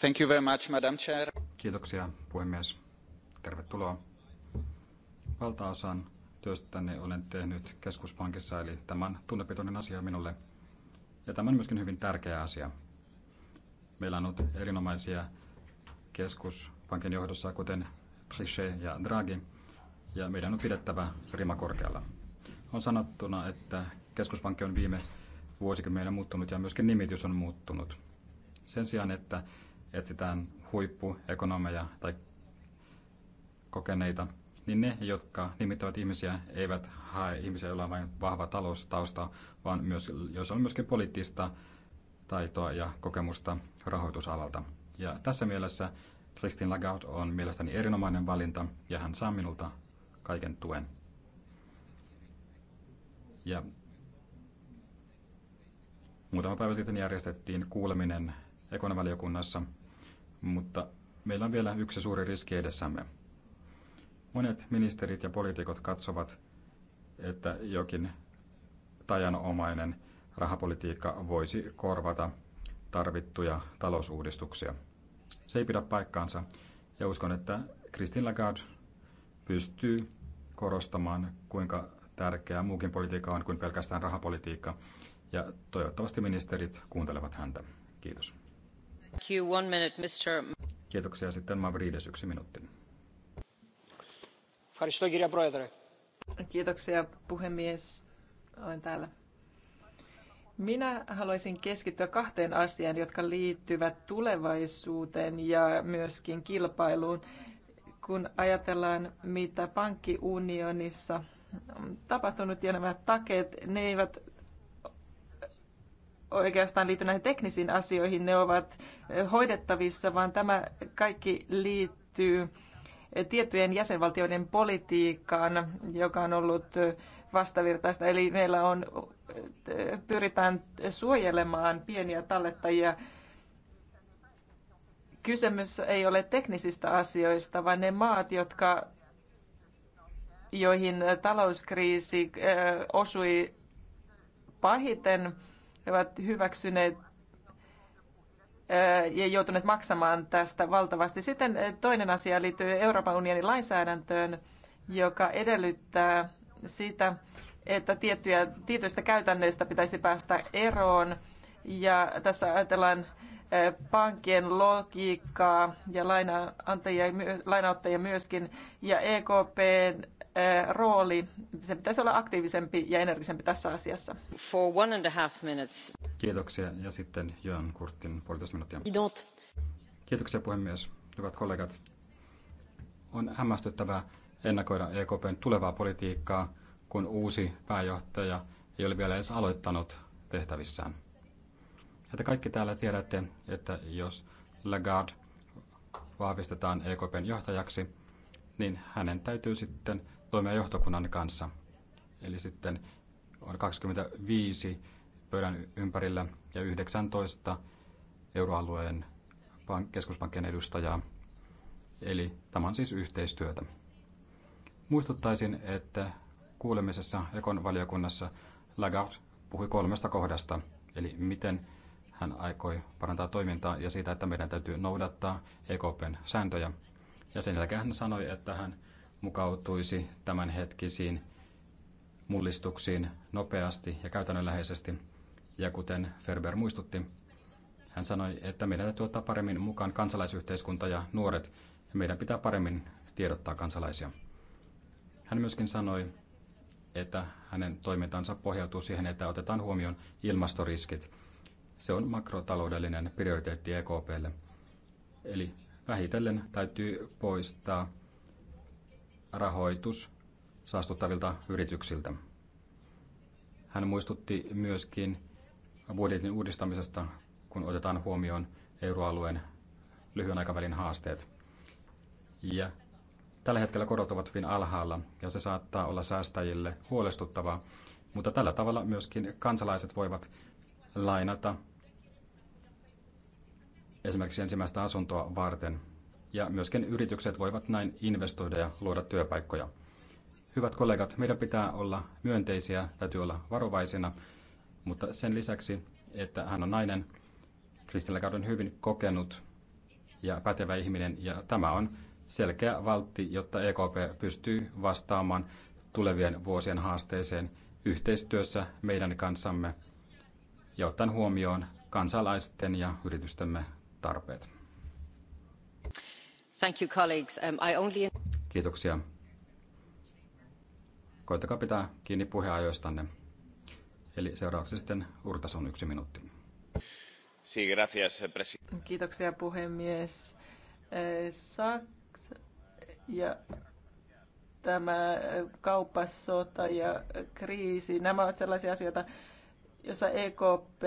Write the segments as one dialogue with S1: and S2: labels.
S1: Thank you very much, Madam Chair. Kiitoksia, puhemies. Tervetuloa. Valtaosan työstäni olen tehnyt keskuspankissa, eli tämän tunnepitoinen asia minulle. Ja tämä on myöskin hyvin tärkeä asia. Meillä on ollut erinomaisia keskuspankin johdossa, kuten Trichet ja Draghi, ja meidän on pidettävä rima korkealla. On sanottuna, että keskuspankki on viime vuosikymmenellä muuttunut ja myöskin nimitys on muuttunut. Sen sijaan, että etsitään huippuekonomeja tai kokeneita, niin ne, jotka nimittävät ihmisiä, eivät hae ihmisiä, joilla on vain vahva taloustausta, vaan myös, jos on myöskin poliittista taitoa ja kokemusta rahoitusalalta. Ja tässä mielessä Christine Lagarde on mielestäni erinomainen valinta ja hän saa minulta kaiken tuen. Ja muutama päivä sitten järjestettiin kuuleminen ekonomivaliokunnassa mutta meillä on vielä yksi suuri riski edessämme. Monet ministerit ja poliitikot katsovat, että jokin tajanomainen rahapolitiikka voisi korvata tarvittuja talousuudistuksia. Se ei pidä paikkaansa ja uskon, että Christine Lagarde pystyy korostamaan, kuinka tärkeää muukin politiikka on kuin pelkästään rahapolitiikka. Ja toivottavasti ministerit kuuntelevat häntä. Kiitos. Kiitoksia sitten Mavrides yksi minuutti.
S2: Kiitoksia puhemies. Olen täällä. Minä haluaisin keskittyä kahteen asiaan, jotka liittyvät tulevaisuuteen ja myöskin kilpailuun. Kun ajatellaan, mitä pankkiunionissa on tapahtunut ja nämä takeet, ne eivät oikeastaan liity näihin teknisiin asioihin, ne ovat eh, hoidettavissa, vaan tämä kaikki liittyy eh, tiettyjen jäsenvaltioiden politiikkaan, joka on ollut eh, vastavirtaista. Eli meillä on, pyritään suojelemaan pieniä tallettajia. Kysymys ei ole teknisistä asioista, vaan ne maat, jotka, joihin talouskriisi osui pahiten, he ovat hyväksyneet ja joutuneet maksamaan tästä valtavasti. Sitten toinen asia liittyy Euroopan unionin lainsäädäntöön, joka edellyttää sitä, että tiettyjä, tietyistä käytännöistä pitäisi päästä eroon. Ja tässä ajatellaan pankkien logiikkaa ja lainaantajia, myöskin. Ja EKPn rooli, sen pitäisi olla aktiivisempi ja energisempi tässä asiassa. For one and a half minutes.
S1: Kiitoksia ja sitten Jön Kurtin puolitoista minuuttia. Kiitoksia puhemies, hyvät kollegat. On hämmästyttävää ennakoida EKPn tulevaa politiikkaa, kun uusi pääjohtaja ei ole vielä edes aloittanut tehtävissään. Ja te kaikki täällä tiedätte, että jos Lagarde vahvistetaan EKPn johtajaksi, niin hänen täytyy sitten toimia johtokunnan kanssa. Eli sitten on 25 pöydän ympärillä ja 19 euroalueen keskuspankkien edustajaa. Eli tämä on siis yhteistyötä. Muistuttaisin, että kuulemisessa Ekon valiokunnassa Lagarde puhui kolmesta kohdasta, eli miten hän aikoi parantaa toimintaa ja siitä, että meidän täytyy noudattaa EKPn sääntöjä. Ja sen jälkeen hän sanoi, että hän mukautuisi tämänhetkisiin mullistuksiin nopeasti ja käytännönläheisesti. Ja kuten Ferber muistutti, hän sanoi, että meidän täytyy ottaa paremmin mukaan kansalaisyhteiskunta ja nuoret, ja meidän pitää paremmin tiedottaa kansalaisia. Hän myöskin sanoi, että hänen toimintansa pohjautuu siihen, että otetaan huomioon ilmastoriskit. Se on makrotaloudellinen prioriteetti EKPlle. Eli vähitellen täytyy poistaa rahoitus saastuttavilta yrityksiltä. Hän muistutti myöskin budjetin uudistamisesta, kun otetaan huomioon euroalueen lyhyen aikavälin haasteet. Ja tällä hetkellä korot ovat hyvin alhaalla ja se saattaa olla säästäjille huolestuttavaa, mutta tällä tavalla myöskin kansalaiset voivat lainata esimerkiksi ensimmäistä asuntoa varten ja myöskin yritykset voivat näin investoida ja luoda työpaikkoja. Hyvät kollegat, meidän pitää olla myönteisiä, täytyy olla varovaisina, mutta sen lisäksi, että hän on nainen, Kristillä on hyvin kokenut ja pätevä ihminen, ja tämä on selkeä valtti, jotta EKP pystyy vastaamaan tulevien vuosien haasteeseen yhteistyössä meidän kanssamme ja ottaen huomioon kansalaisten ja yritystemme tarpeet.
S3: Um,
S1: Kiitoksia. Koittakaa pitää kiinni puheajoistanne. Eli seuraavaksi sitten on yksi minuutti.
S2: Kiitoksia puhemies. Eh, Saks ja tämä kauppasota ja kriisi, nämä ovat sellaisia asioita, joissa EKP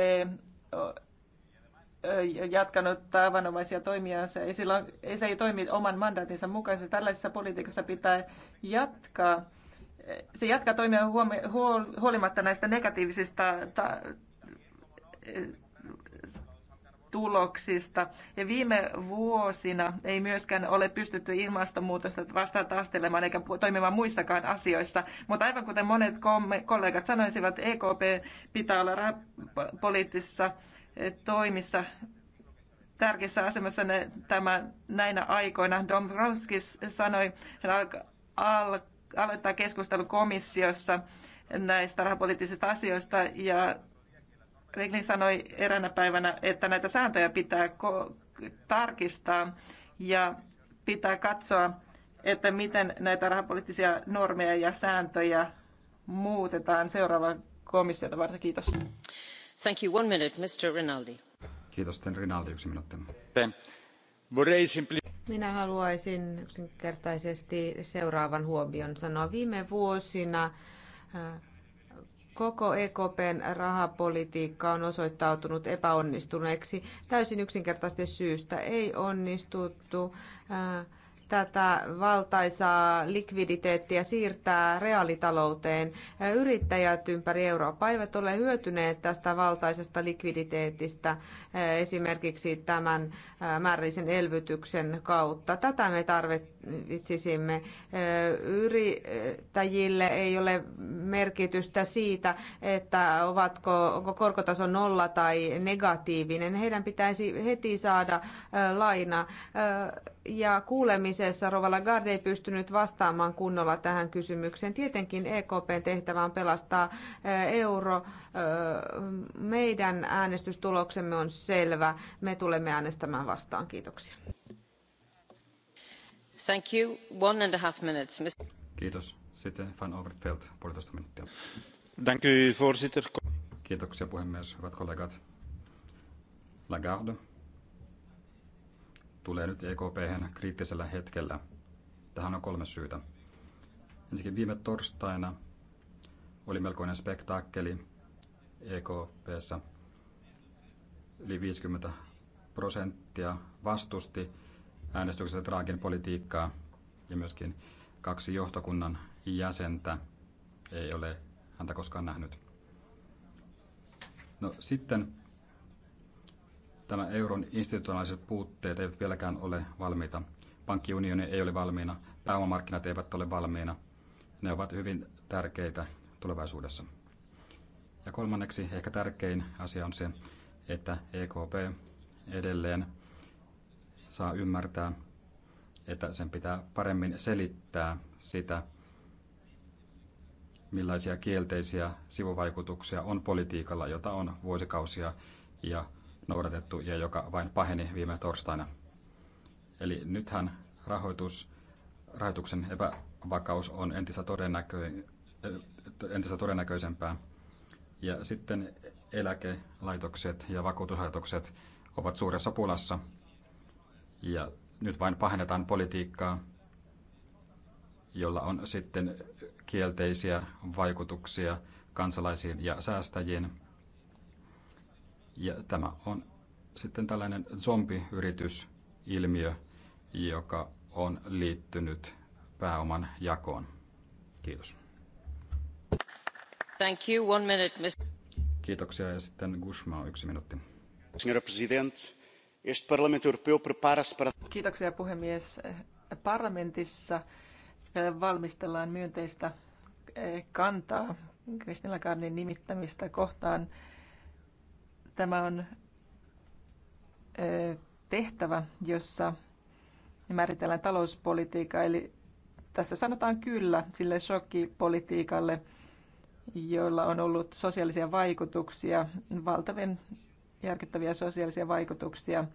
S2: jatkanut tavanomaisia toimiansa. Ei, silloin, ei se ei toimi oman mandaatinsa mukaisesti. Tällaisessa politiikassa pitää jatkaa. Se jatkaa toimia huolimatta näistä negatiivisista tuloksista. Ja viime vuosina ei myöskään ole pystytty ilmastonmuutosta vastaan taistelemaan eikä toimimaan muissakaan asioissa. Mutta aivan kuten monet kollegat sanoisivat, EKP pitää olla poliittisessa toimissa tärkeässä asemassa tämä, näinä aikoina. Dombrovskis sanoi, hän alkaa al, aloittaa keskustelun komissiossa näistä rahapoliittisista asioista ja Reglin sanoi eräänä päivänä, että näitä sääntöjä pitää tarkistaa ja pitää katsoa, että miten näitä rahapoliittisia normeja ja sääntöjä muutetaan seuraava komissiota
S4: varten. Kiitos.
S1: Kiitos, Rinaldi,
S4: Minä haluaisin yksinkertaisesti seuraavan huomion sanoa. Viime vuosina äh, koko EKPn rahapolitiikka on osoittautunut epäonnistuneeksi täysin yksinkertaisesti syystä. Ei onnistuttu äh, tätä valtaisaa likviditeettiä siirtää reaalitalouteen. Yrittäjät ympäri Eurooppaa eivät ole hyötyneet tästä valtaisesta likviditeetistä eh, esimerkiksi tämän eh, määrällisen elvytyksen kautta. Tätä me tarvitsemme itsisimme. Yrittäjille ei ole merkitystä siitä, että ovatko, onko korkotaso nolla tai negatiivinen. Heidän pitäisi heti saada laina. Ja kuulemisessa Rovala Gard ei pystynyt vastaamaan kunnolla tähän kysymykseen. Tietenkin EKPn tehtävä on pelastaa euro. Meidän äänestystuloksemme on selvä. Me tulemme äänestämään vastaan. Kiitoksia.
S3: Thank you. One and a half minutes.
S1: Kiitos. Sitten Van Overtveld, puolitoista minuuttia. Thank you, voorzitter. Kiitoksia puhemies, hyvät kollegat. Lagarde tulee nyt EKP kriittisellä hetkellä. Tähän on kolme syytä. Ensinnäkin viime torstaina oli melkoinen spektaakkeli EKPssä. Yli 50 prosenttia vastusti äänestyksessä Draakin politiikkaa ja myöskin kaksi johtokunnan jäsentä ei ole häntä koskaan nähnyt. No sitten tämä euron institutionaaliset puutteet eivät vieläkään ole valmiita. Pankkiunioni ei ole valmiina, pääomamarkkinat eivät ole valmiina. Ne ovat hyvin tärkeitä tulevaisuudessa. Ja kolmanneksi ehkä tärkein asia on se, että EKP edelleen saa ymmärtää, että sen pitää paremmin selittää sitä, millaisia kielteisiä sivuvaikutuksia on politiikalla, jota on vuosikausia ja noudatettu ja joka vain paheni viime torstaina. Eli nythän rahoitus, rahoituksen epävakaus on entistä, todennäkö, entistä todennäköisempää. Ja sitten eläkelaitokset ja vakuutuslaitokset ovat suuressa pulassa – ja nyt vain pahennetaan politiikkaa, jolla on sitten kielteisiä vaikutuksia kansalaisiin ja säästäjiin. Ja tämä on sitten tällainen zombiyritysilmiö, joka on liittynyt pääoman jakoon. Kiitos.
S2: Thank you. One minute, Mr.
S1: Kiitoksia ja sitten Gushma yksi minuutti. Presidente, Este para... Kiitoksia puhemies. Parlamentissa
S2: eh, valmistellaan myönteistä eh, kantaa Kristin Lagardin nimittämistä kohtaan. Tämä on eh, tehtävä, jossa määritellään talouspolitiikka, eli tässä sanotaan kyllä sille shokkipolitiikalle, joilla on ollut sosiaalisia vaikutuksia valtavien järkyttäviä sosiaalisia vaikutuksia.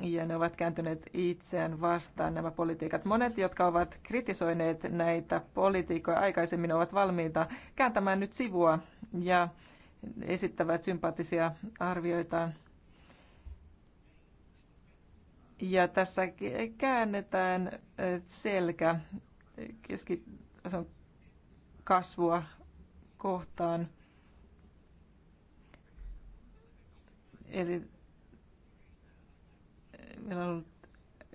S2: Ja ne ovat kääntyneet itseään vastaan nämä politiikat. Monet, jotka ovat kritisoineet näitä politiikkoja aikaisemmin, ovat valmiita kääntämään nyt sivua ja esittävät sympaattisia arvioitaan. Ja tässä käännetään äh, selkä keskitason kasvua kohtaan – Eli eh, meillä on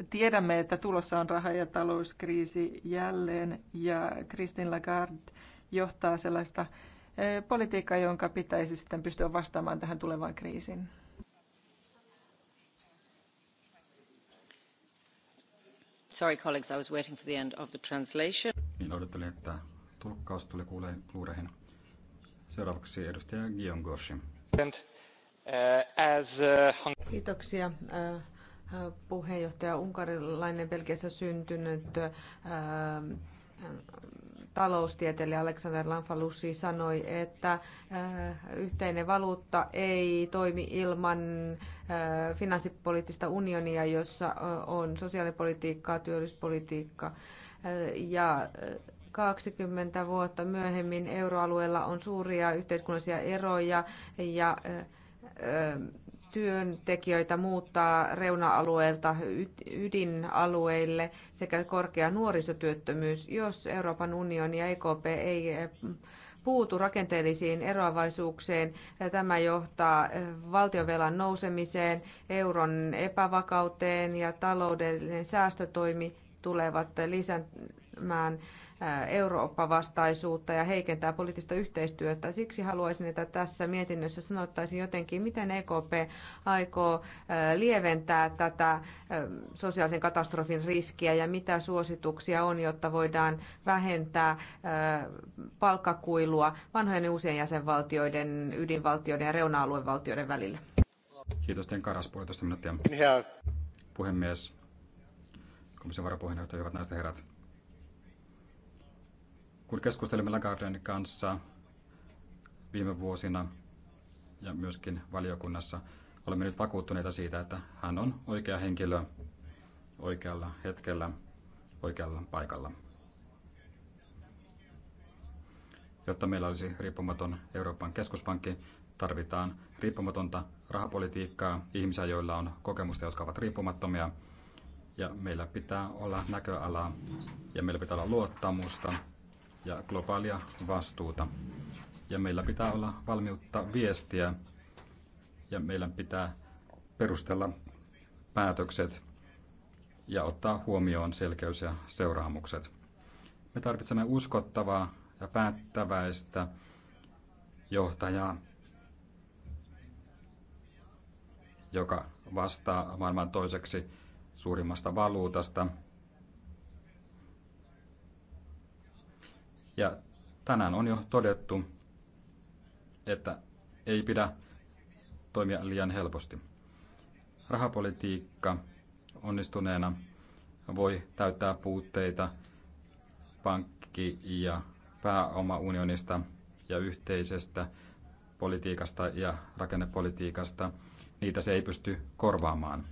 S2: tiedämme, että tulossa on raha- ja talouskriisi jälleen ja Christine Lagarde johtaa sellaista eh, politiikkaa, jonka pitäisi sitten pystyä vastaamaan tähän tulevaan kriisiin.
S3: Sorry colleagues, I was
S2: waiting for the end of the translation.
S1: Niin odottelin, että tulkkaus tuli luurehin. Seuraavaksi edustaja Gion Goshi. Eh, eh,
S4: Kiitoksia eh, puheenjohtaja unkarilainen Belgiassa syntynyt taloustieteilijä Alexander Lamfalussy sanoi, että yhteinen valuutta ei toimi ilman finanssipoliittista unionia, jossa on sosiaalipolitiikkaa, työllisyyspolitiikkaa ja 20 vuotta myöhemmin euroalueella on suuria yhteiskunnallisia eroja ja työntekijöitä muuttaa reuna-alueelta ydinalueille sekä korkea nuorisotyöttömyys, jos Euroopan unioni ja EKP ei puutu rakenteellisiin eroavaisuuksiin. Tämä johtaa valtiovelan nousemiseen, euron epävakauteen ja taloudellinen säästötoimi tulevat lisäämään Eurooppa-vastaisuutta ja heikentää poliittista yhteistyötä. Siksi haluaisin, että tässä mietinnössä sanottaisiin jotenkin, miten EKP aikoo lieventää tätä sosiaalisen katastrofin riskiä ja mitä suosituksia on, jotta voidaan vähentää palkkakuilua vanhojen ja uusien jäsenvaltioiden, ydinvaltioiden ja reuna-aluevaltioiden välillä.
S1: Kiitos, Teen Karas, puolitoista minuuttia. Puhemies, komission varapuheenjohtaja, hyvät naiset ja herrat. Kun keskustelimme Lagarden kanssa viime vuosina ja myöskin valiokunnassa, olemme nyt vakuuttuneita siitä, että hän on oikea henkilö oikealla hetkellä oikealla paikalla. Jotta meillä olisi riippumaton Euroopan keskuspankki, tarvitaan riippumatonta rahapolitiikkaa, ihmisiä, joilla on kokemusta, jotka ovat riippumattomia. Ja meillä pitää olla näköalaa ja meillä pitää olla luottamusta ja globaalia vastuuta. Ja meillä pitää olla valmiutta viestiä ja meillä pitää perustella päätökset ja ottaa huomioon selkeys ja seuraamukset. Me tarvitsemme uskottavaa ja päättäväistä johtajaa, joka vastaa maailman toiseksi suurimmasta valuutasta – Ja tänään on jo todettu, että ei pidä toimia liian helposti. Rahapolitiikka onnistuneena voi täyttää puutteita pankki- ja pääomaunionista ja yhteisestä politiikasta ja rakennepolitiikasta. Niitä se ei pysty korvaamaan.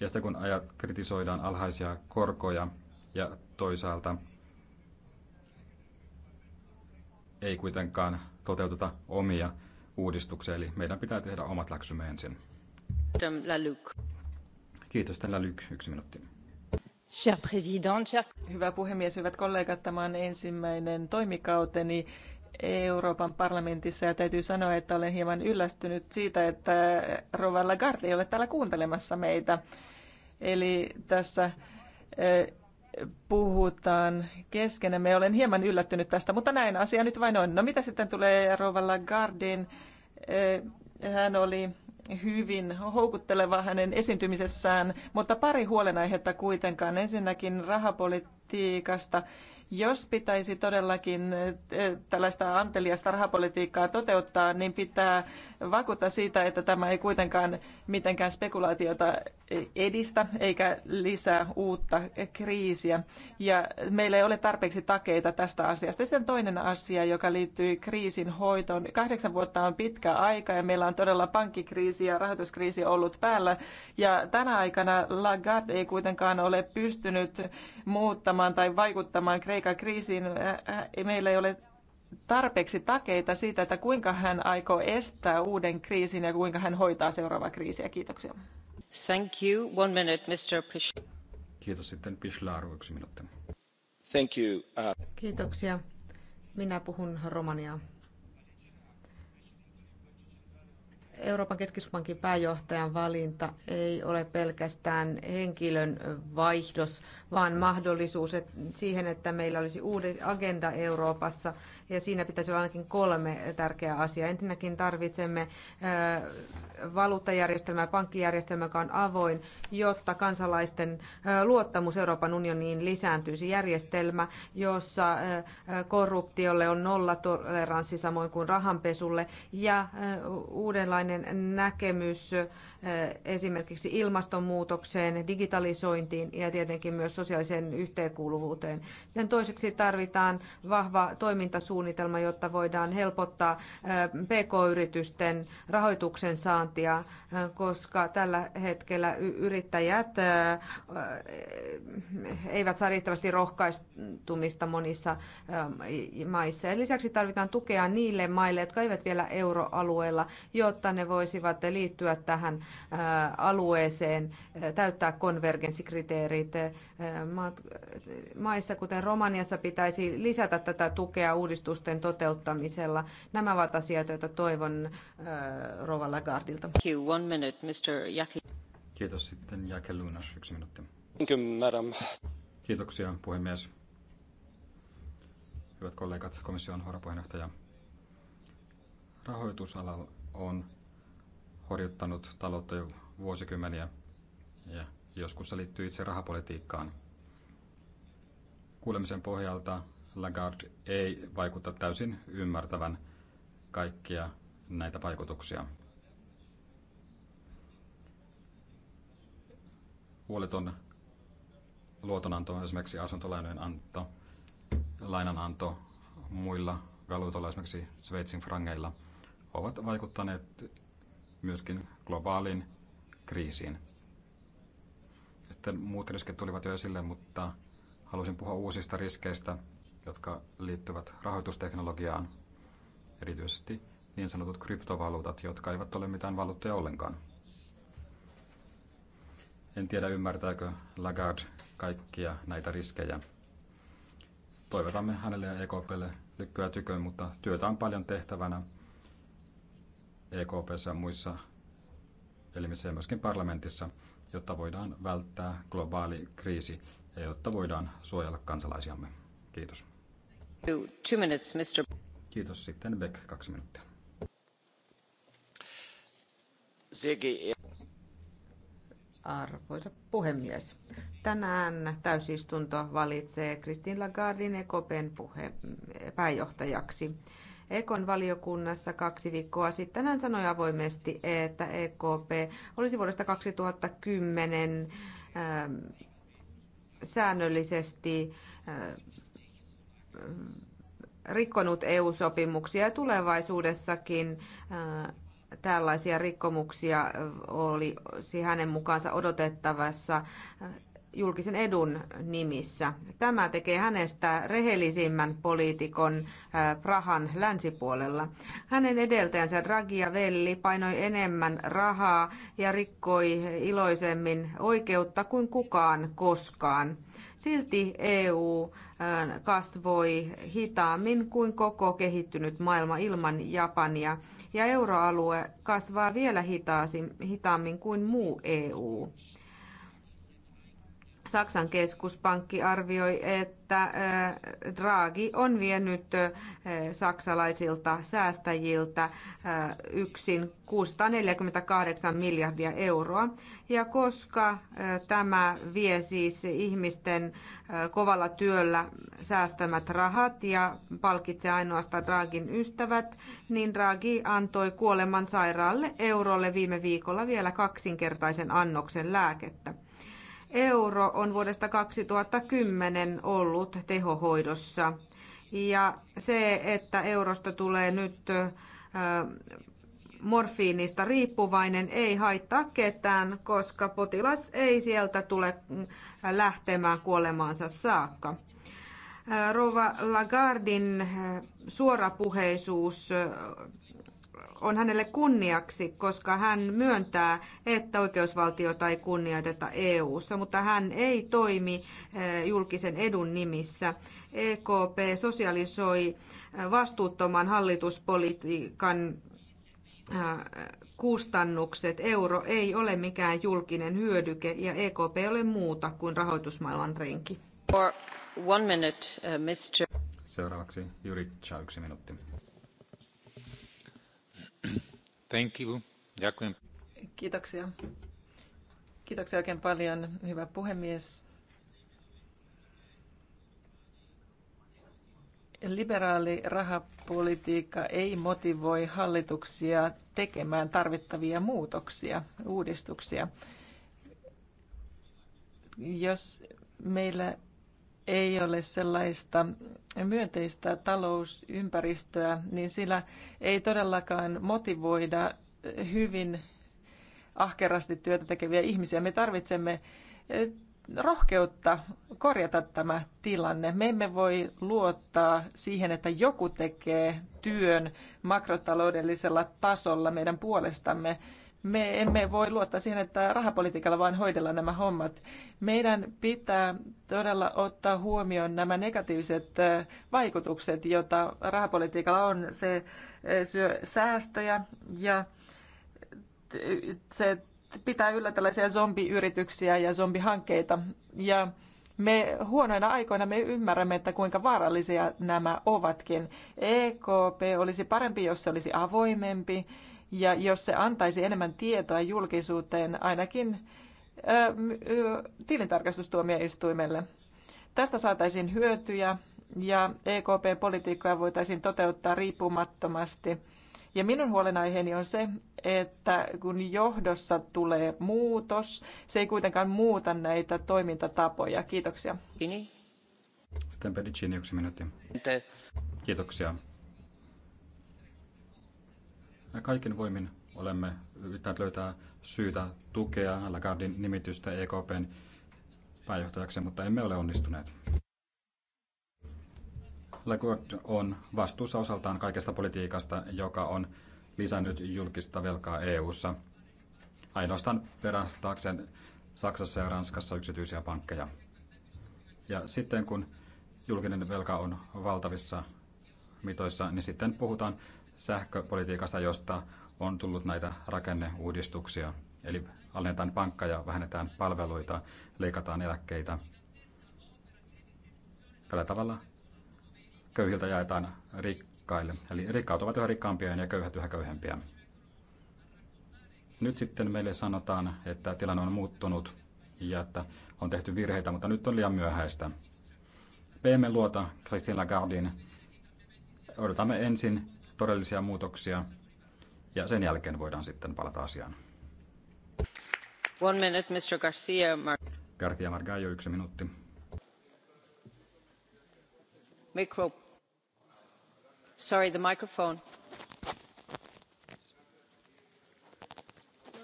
S1: Ja sitten kun ajat kritisoidaan alhaisia korkoja, ja toisaalta ei kuitenkaan toteuteta omia uudistuksia, eli meidän pitää tehdä omat läksymme ensin. Kiitos, tällä Lyk, yksi minuutti.
S2: Hyvä puhemies, hyvät kollegat, tämä on ensimmäinen toimikauteni Euroopan parlamentissa ja täytyy sanoa, että olen hieman yllästynyt siitä, että Rova Lagarde ei ole täällä kuuntelemassa meitä. Eli tässä eh, puhutaan Me Olen hieman yllättynyt tästä, mutta näin asia nyt vain on. No mitä sitten tulee Rova Lagardin? Eh, hän oli hyvin houkutteleva hänen esiintymisessään, mutta pari huolenaihetta kuitenkaan. Ensinnäkin rahapolitiikasta. Jos pitäisi todellakin eh, tällaista anteliasta rahapolitiikkaa toteuttaa, niin pitää vakuuttaa siitä, että tämä ei kuitenkaan mitenkään spekulaatiota edistä eikä lisää uutta kriisiä. Ja meillä ei ole tarpeeksi takeita tästä asiasta. Sitten toinen asia, joka liittyy kriisin hoitoon. Kahdeksan vuotta on pitkä aika ja meillä on todella pankkikriisi ja rahoituskriisi ollut päällä. Ja tänä aikana Lagarde ei kuitenkaan ole pystynyt muuttamaan tai vaikuttamaan Kreikan kriisiin. Meillä ei ole tarpeeksi takeita siitä, että kuinka hän aikoo estää uuden kriisin ja kuinka hän hoitaa seuraavaa kriisiä. Kiitoksia. Thank you. One minute, Mr. Pish-
S1: Kiitos sitten Pishlaru, yksi minuutti. Thank you. Uh...
S4: Kiitoksia. Minä puhun romaniaa. Euroopan keskuspankin pääjohtajan valinta ei ole pelkästään henkilön vaihdos, vaan mahdollisuus siihen, että meillä olisi uusi agenda Euroopassa, ja siinä pitäisi olla ainakin kolme tärkeää asiaa. Ensinnäkin tarvitsemme valuuttajärjestelmää, pankkijärjestelmää, joka on avoin, jotta kansalaisten luottamus Euroopan unioniin lisääntyisi. Järjestelmä, jossa korruptiolle on nollatoleranssi samoin kuin rahanpesulle ja uudenlainen näkemys esimerkiksi ilmastonmuutokseen, digitalisointiin ja tietenkin myös sosiaaliseen yhteenkuuluvuuteen. Sen toiseksi tarvitaan vahva toimintasuunnitelma, jotta voidaan helpottaa PK-yritysten rahoituksen saantia, koska tällä hetkellä yrittäjät eivät saa riittävästi rohkaistumista monissa maissa. Ja lisäksi tarvitaan tukea niille maille, jotka eivät vielä euroalueella, jotta ne voisivat liittyä tähän Äh, alueeseen äh, täyttää konvergenssikriteerit. Äh, maissa, kuten Romaniassa, pitäisi lisätä tätä tukea uudistusten toteuttamisella. Nämä ovat asioita, joita toivon Rova Lagardilta.
S1: Kiitos sitten Jake Lunas, yksi minuutti. Kiitoksia puhemies. Hyvät kollegat, komission varapuheenjohtaja. Rahoitusalalla on horjuttanut taloutta jo vuosikymmeniä ja joskus se liittyy itse rahapolitiikkaan. Kuulemisen pohjalta Lagarde ei vaikuta täysin ymmärtävän kaikkia näitä vaikutuksia. Huoleton luotonanto, esimerkiksi asuntolainojen anto, lainananto muilla valuutoilla, esimerkiksi Sveitsin frangeilla, ovat vaikuttaneet myöskin globaaliin kriisiin. Sitten muut riskit tulivat jo esille, mutta halusin puhua uusista riskeistä, jotka liittyvät rahoitusteknologiaan, erityisesti niin sanotut kryptovaluutat, jotka eivät ole mitään valuutteja ollenkaan. En tiedä, ymmärtääkö Lagarde kaikkia näitä riskejä. Toivotamme hänelle ja EKPlle lykkyä tyköön, mutta työtä on paljon tehtävänä – EKPssä ja muissa elimissä ja myöskin parlamentissa, jotta voidaan välttää globaali kriisi ja jotta voidaan suojella kansalaisiamme. Kiitos. Two
S4: minutes, Mr.
S1: Kiitos. Sitten Beck, kaksi minuuttia.
S4: Arvoisa puhemies, tänään täysistunto valitsee Christine Lagardin EKPn puhe, pääjohtajaksi. Ekon valiokunnassa kaksi viikkoa sitten. Hän sanoi avoimesti, että EKP olisi vuodesta 2010 ähm, säännöllisesti äh, rikkonut EU-sopimuksia ja tulevaisuudessakin äh, tällaisia rikkomuksia olisi hänen mukaansa odotettavassa julkisen edun nimissä. Tämä tekee hänestä rehellisimmän poliitikon äh, Prahan länsipuolella. Hänen edeltäjänsä Draghi ja Velli painoi enemmän rahaa ja rikkoi iloisemmin oikeutta kuin kukaan koskaan. Silti EU äh, kasvoi hitaammin kuin koko kehittynyt maailma ilman Japania, ja euroalue kasvaa vielä hitaammin kuin muu EU. Saksan keskuspankki arvioi, että äh, Draghi on vienyt äh, saksalaisilta säästäjiltä äh, yksin 648 miljardia euroa. Ja koska tämä vie siis ihmisten kovalla työllä säästämät rahat ja palkitsee ainoastaan Draghin ystävät, niin Draghi antoi kuoleman sairaalle eurolle viime viikolla vielä kaksinkertaisen annoksen lääkettä. Euro on vuodesta 2010 ollut tehohoidossa. Ja se, että eurosta tulee nyt morfiinista riippuvainen, ei haittaa ketään, koska potilas ei sieltä tule mm, lähtemään kuolemaansa saakka. Rova Lagardin suorapuheisuus on hänelle kunniaksi, koska hän myöntää, että oikeusvaltiota ei kunnioiteta EU:ssa, mutta hän ei toimi eh, julkisen edun nimissä. EKP sosialisoi eh, vastuuttoman hallituspolitiikan eh, kustannukset. Euro ei ole mikään julkinen hyödyke ja EKP ei ole muuta kuin rahoitusmaailman renki. For one minute, uh, Mr.
S1: Seuraavaksi minuutti Thank you.
S2: Kiitoksia. Kiitoksia oikein paljon, hyvä puhemies. Liberaali rahapolitiikka ei motivoi hallituksia tekemään tarvittavia muutoksia, uudistuksia. Jos meillä ei ole sellaista myönteistä talousympäristöä, niin sillä ei todellakaan motivoida hyvin ahkerasti työtä tekeviä ihmisiä. Me tarvitsemme eh, rohkeutta korjata tämä tilanne. Me emme voi luottaa siihen, että joku tekee työn makrotaloudellisella tasolla meidän puolestamme me emme voi luottaa siihen, että rahapolitiikalla vain hoidella nämä hommat. Meidän pitää todella ottaa huomioon nämä negatiiviset vaikutukset, joita rahapolitiikalla on. Se syö säästöjä ja se pitää yllä tällaisia zombiyrityksiä ja zombihankkeita. Ja me huonoina aikoina me ymmärrämme, että kuinka vaarallisia nämä ovatkin. EKP olisi parempi, jos se olisi avoimempi ja jos se antaisi enemmän tietoa julkisuuteen, ainakin tilintarkastustuomioistuimelle. Tästä saataisiin hyötyjä ja EKP-politiikkaa voitaisiin toteuttaa riippumattomasti. Ja minun huolenaiheeni on se, että kun johdossa tulee muutos, se ei kuitenkaan muuta näitä toimintatapoja. Kiitoksia.
S1: Sitten Pedicini yksi minuutti. Kiitoksia me kaikin voimin olemme yrittäneet löytää syytä tukea Lagardin nimitystä EKPn pääjohtajaksi, mutta emme ole onnistuneet. Lagarde on vastuussa osaltaan kaikesta politiikasta, joka on lisännyt julkista velkaa EU:ssa. Ainoastaan perastaakseen Saksassa ja Ranskassa yksityisiä pankkeja. Ja sitten kun julkinen velka on valtavissa mitoissa, niin sitten puhutaan sähköpolitiikasta, josta on tullut näitä rakenneuudistuksia. Eli alennetaan pankka ja vähennetään palveluita, leikataan eläkkeitä. Tällä tavalla köyhiltä jaetaan rikkaille. Eli rikkaat ovat yhä rikkaampia ja köyhät yhä köyhempiä. Nyt sitten meille sanotaan, että tilanne on muuttunut ja että on tehty virheitä, mutta nyt on liian myöhäistä. Me emme luota Christine Lagardin. Odotamme ensin todellisia muutoksia ja sen jälkeen voidaan sitten palata asiaan.
S2: One minute, Mr. Garcia. Mar-
S1: Garcia Margallo, yksi
S4: minuutti. Mikro. Sorry, the microphone.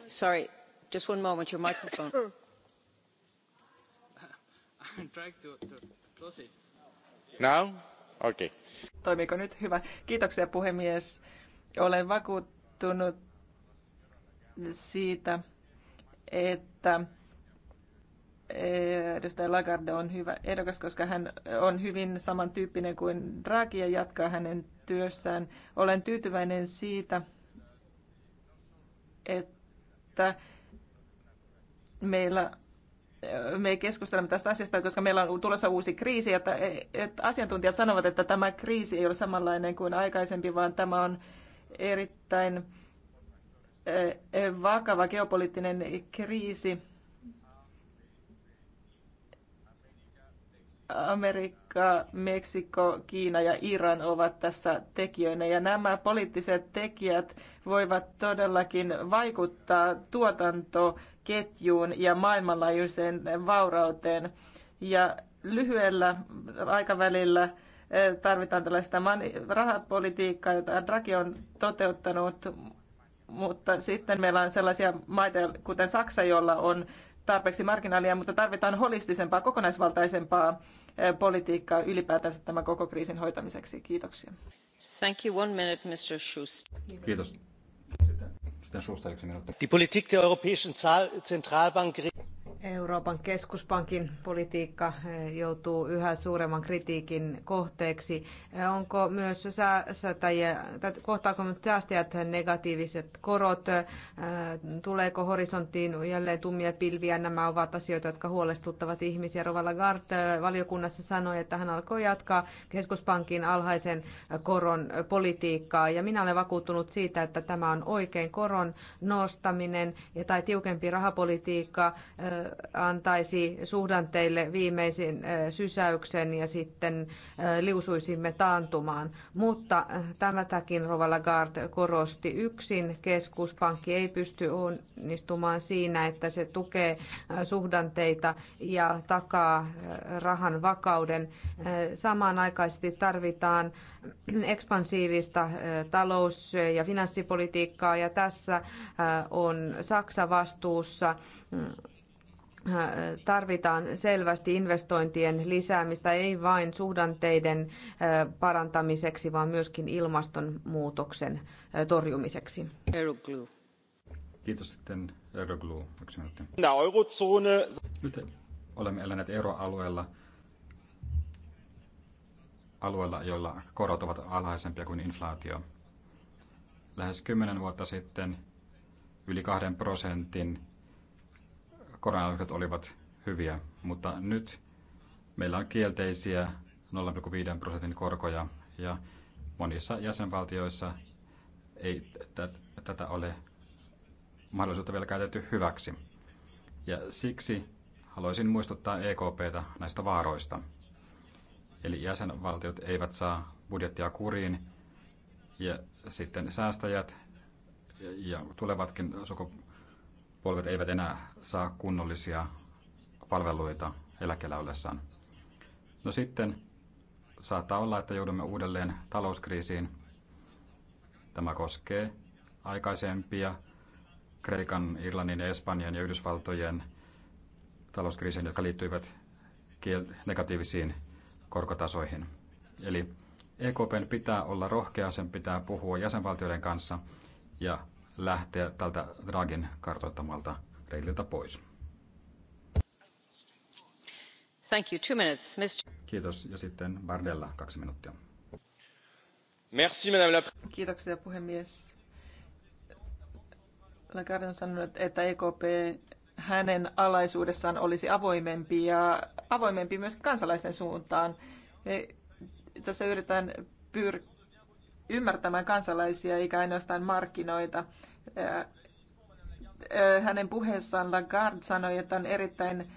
S4: Sorry, just one moment, your microphone.
S5: I'm trying to, to close it.
S2: Now? Okei. Okay. Toimiiko nyt hyvä? Kiitoksia puhemies. Olen vakuuttunut siitä, että eh, edustaja Lagarde on hyvä ehdokas, koska hän on hyvin samantyyppinen kuin Draghi ja jatkaa hänen työssään. Olen tyytyväinen siitä, että meillä me keskustelemme tästä asiasta, koska meillä on tulossa uusi kriisi, että, että asiantuntijat sanovat, että tämä kriisi ei ole samanlainen kuin aikaisempi, vaan tämä on erittäin eh, vakava geopoliittinen kriisi. Amerikka, Meksiko, Kiina ja Iran ovat tässä tekijöinä ja nämä poliittiset tekijät voivat todellakin vaikuttaa tuotanto ketjuun ja maailmanlaajuiseen vaurauteen. Ja lyhyellä aikavälillä eh, tarvitaan tällaista rahapolitiikkaa, jota Draghi on toteuttanut, mutta sitten meillä on sellaisia maita, kuten Saksa, jolla on tarpeeksi marginaalia, mutta tarvitaan holistisempaa, kokonaisvaltaisempaa eh, politiikkaa ylipäätänsä tämän koko kriisin hoitamiseksi. Kiitoksia.
S4: Thank you. One minute, Mr. Schuster.
S3: Kiitos. Sitten Schuster yksi minuutti. Die Politik der Europäischen Zentralbank
S4: Euroopan keskuspankin politiikka eh, joutuu yhä suuremman kritiikin kohteeksi. Eh, onko myös säästäjiä, kohtaako nyt säästäjät negatiiviset korot? Eh, tuleeko horisonttiin jälleen tummia pilviä? Nämä ovat asioita, jotka huolestuttavat ihmisiä. rovalla Lagarde valiokunnassa sanoi, että hän alkoi jatkaa keskuspankin alhaisen koron politiikkaa. Ja minä olen vakuuttunut siitä, että tämä on oikein koron nostaminen ja tai tiukempi rahapolitiikka antaisi suhdanteille viimeisen sysäyksen ja sitten liusuisimme taantumaan. Mutta tämätäkin Rova Lagarde korosti yksin. Keskuspankki ei pysty onnistumaan siinä, että se tukee suhdanteita ja takaa rahan vakauden. Samanaikaisesti tarvitaan ekspansiivista talous- ja finanssipolitiikkaa ja tässä on Saksa vastuussa tarvitaan selvästi investointien lisäämistä, ei vain suhdanteiden parantamiseksi, vaan myöskin ilmastonmuutoksen torjumiseksi.
S1: Kiitos sitten Eroglu. Yksi minuutti. Eurozone. Nyt olemme eläneet euroalueella alueella, jolla korot ovat alhaisempia kuin inflaatio. Lähes kymmenen vuotta sitten yli kahden prosentin koronarajoitukset olivat hyviä, mutta nyt meillä on kielteisiä 0,5 prosentin korkoja ja monissa jäsenvaltioissa ei tätä ole mahdollisuutta vielä käytetty hyväksi. Ja siksi haluaisin muistuttaa EKPtä näistä vaaroista. Eli jäsenvaltiot eivät saa budjettia kuriin ja sitten säästäjät ja tulevatkin polvet eivät enää saa kunnollisia palveluita eläkellä ollessaan. No sitten saattaa olla, että joudumme uudelleen talouskriisiin. Tämä koskee aikaisempia Kreikan, Irlannin, Espanjan ja Yhdysvaltojen talouskriisiin, jotka liittyivät negatiivisiin korkotasoihin. Eli EKPn pitää olla rohkea, sen pitää puhua jäsenvaltioiden kanssa ja lähteä tältä Dragin kartoittamalta reililtä pois.
S4: Thank you. Two minutes, Mr.
S1: Kiitos. Ja sitten Bardella kaksi minuuttia.
S2: Merci, madame la... Kiitoksia puhemies. Lagarde on sanonut, että EKP hänen alaisuudessaan olisi avoimempi ja avoimempi myös kansalaisten suuntaan. Me tässä yritetään pyr- ymmärtämään kansalaisia eikä ainoastaan markkinoita. Hänen puheessaan Lagarde sanoi, että on erittäin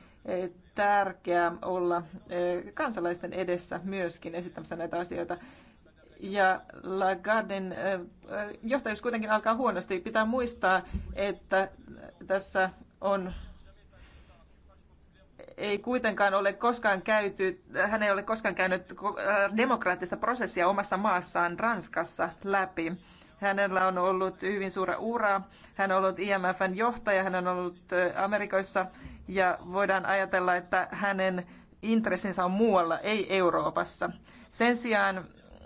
S2: tärkeää olla kansalaisten edessä myöskin esittämässä näitä asioita. Ja Lagarden johtajuus kuitenkin alkaa huonosti. Pitää muistaa, että tässä on ei kuitenkaan ole koskaan käyty, hän ei ole koskaan käynyt äh, demokraattista prosessia omassa maassaan Ranskassa läpi. Hänellä on ollut hyvin suuri ura. Hän on ollut IMFn johtaja, hän on ollut Amerikoissa ja voidaan ajatella, että hänen intressinsä on muualla, ei Euroopassa. Sen sijaan,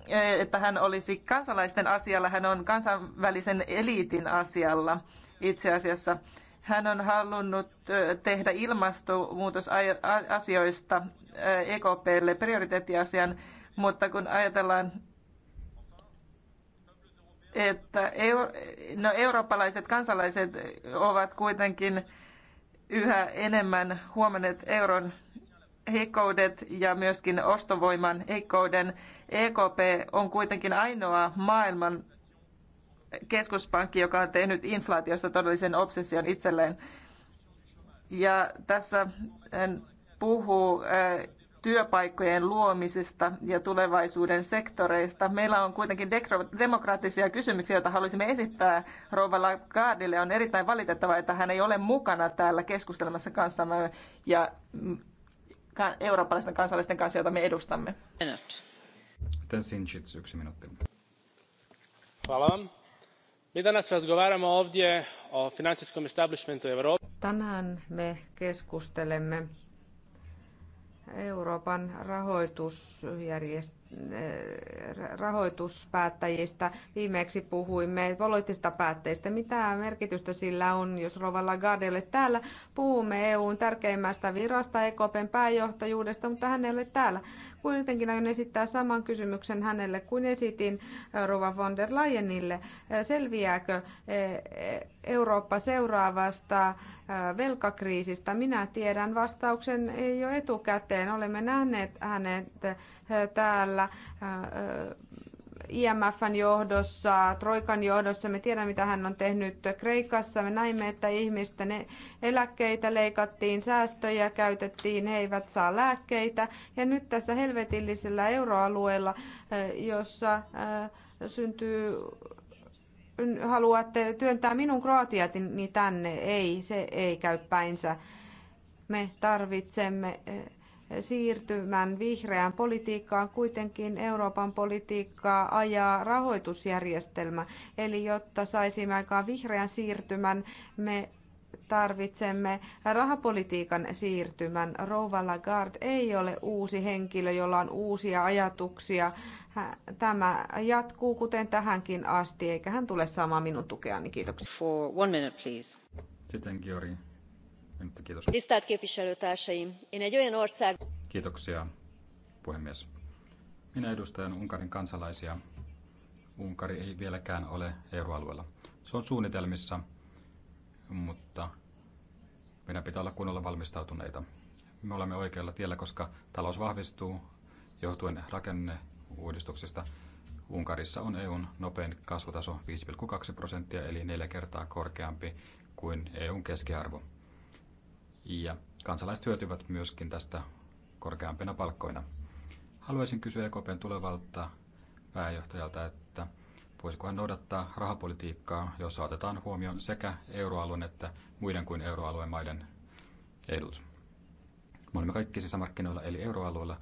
S2: e, että hän olisi kansalaisten asialla, hän on kansainvälisen eliitin asialla itse asiassa. Hän on halunnut tehdä ilmastonmuutosasioista EKPlle prioriteettiasian, mutta kun ajatellaan että euro, no, eurooppalaiset kansalaiset ovat kuitenkin yhä enemmän huomanneet euron heikkoudet ja myöskin ostovoiman heikkouden. EKP on kuitenkin ainoa maailman keskuspankki, joka on tehnyt inflaatiosta todellisen obsession itselleen. Ja tässä hän puhuu äh, työpaikkojen luomisesta ja tulevaisuuden sektoreista. Meillä on kuitenkin demokraattisia kysymyksiä, joita haluaisimme esittää Rouva Lagardille. On erittäin valitettavaa, että hän ei ole mukana täällä keskustelemassa kanssamme ja mm, eurooppalaisten kansalaisten kanssa, joita me edustamme.
S1: Sitten Sinchits, yksi minuutti.
S5: Hvala mi danas razgovaramo ovdje o financijskom establishmentu europe.
S4: tänään me keskustelemme euroopan rahoitusjärjestelmästä Eh, rahoituspäättäjistä. Viimeksi puhuimme poliittisista päätteistä, Mitä merkitystä sillä on, jos Rova Lagarde täällä? Puhumme EUn tärkeimmästä virasta, EKPn pääjohtajuudesta, mutta hän ei ole täällä. Kuitenkin aion esittää saman kysymyksen hänelle kuin esitin Rova von der Leyenille. Eh, selviääkö eh, Eurooppa seuraavasta velkakriisistä? Minä tiedän vastauksen jo etukäteen. Olemme nähneet hänet täällä siellä IMFn johdossa, Troikan johdossa, me tiedämme mitä hän on tehnyt Kreikassa, me näimme, että ihmisten e- eläkkeitä leikattiin, säästöjä käytettiin, he eivät saa lääkkeitä. Ja nyt tässä helvetillisellä euroalueella, jossa syntyy haluatte työntää minun kroatiatini tänne. Ei, se ei käy päinsä. Me tarvitsemme siirtymän vihreään politiikkaan kuitenkin Euroopan politiikkaa ajaa rahoitusjärjestelmä. Eli jotta saisimme aikaan vihreän siirtymän, me tarvitsemme rahapolitiikan siirtymän. Rouva Lagarde ei ole uusi henkilö, jolla on uusia ajatuksia. Tämä jatkuu kuten tähänkin asti, eikä hän tule saamaan minun tukeani. Kiitoksia. For one minute, please. Sitten Georgi.
S5: Tisztelt képviselőtársaim! Én egy olyan ország...
S1: Kiitoksia, puhemies. Minä edustan Unkarin kansalaisia. Unkari ei vieläkään ole euroalueella. Se on suunnitelmissa, mutta meidän pitää olla kunnolla valmistautuneita. Me olemme oikealla tiellä, koska talous vahvistuu johtuen rakenneuudistuksista. Unkarissa on EUn nopein kasvutaso 5,2 prosenttia eli neljä kertaa korkeampi kuin EUn keskiarvo ja kansalaiset hyötyvät myöskin tästä korkeampina palkkoina. Haluaisin kysyä EKPn tulevalta pääjohtajalta, että voisiko hän noudattaa rahapolitiikkaa, jossa otetaan huomioon sekä euroalueen että muiden kuin euroalueen maiden edut. Me olemme kaikki sisämarkkinoilla eli euroalueella.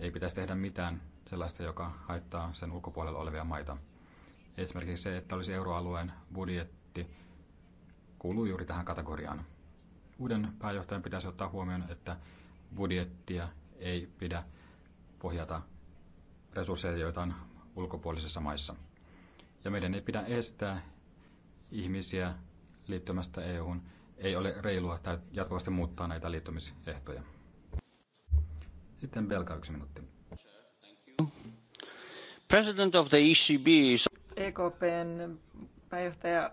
S1: Ei pitäisi tehdä mitään sellaista, joka haittaa sen ulkopuolella olevia maita. Esimerkiksi se, että olisi euroalueen budjetti, kuuluu juuri tähän kategoriaan. Uuden pääjohtajan pitäisi ottaa huomioon, että budjettia ei pidä pohjata resursseja, joita on ulkopuolisissa maissa. Ja meidän ei pidä estää ihmisiä liittymästä EU:hun. Ei ole reilua tai jatkuvasti muuttaa näitä liittymisehtoja. Sitten Belka yksi minuutti. President of the ECB is...
S2: EKPn pääjohtaja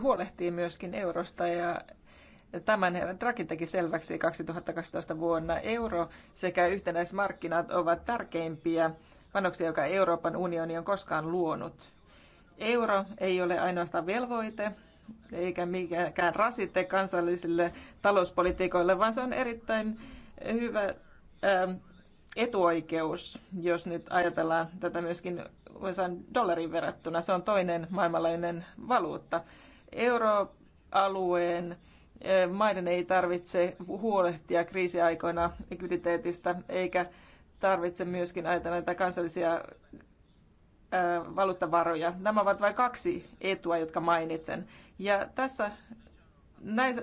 S2: huolehtii myöskin eurosta ja Tämän herra Draghi teki selväksi 2012 vuonna. Euro sekä yhtenäismarkkinat ovat tärkeimpiä panoksia, joka Euroopan unioni on koskaan luonut. Euro ei ole ainoastaan velvoite, eikä mikään rasite kansallisille talouspolitiikoille, vaan se on erittäin hyvä ähm, etuoikeus, jos nyt ajatellaan tätä myöskin USAn dollarin verrattuna. Se on toinen maailmanlainen valuutta. Euroalueen maiden ei tarvitse huolehtia kriisiaikoina likviditeetistä, eikä tarvitse myöskin ajatella näitä kansallisia valuuttavaroja. Nämä ovat vain kaksi etua, jotka mainitsen. Ja tässä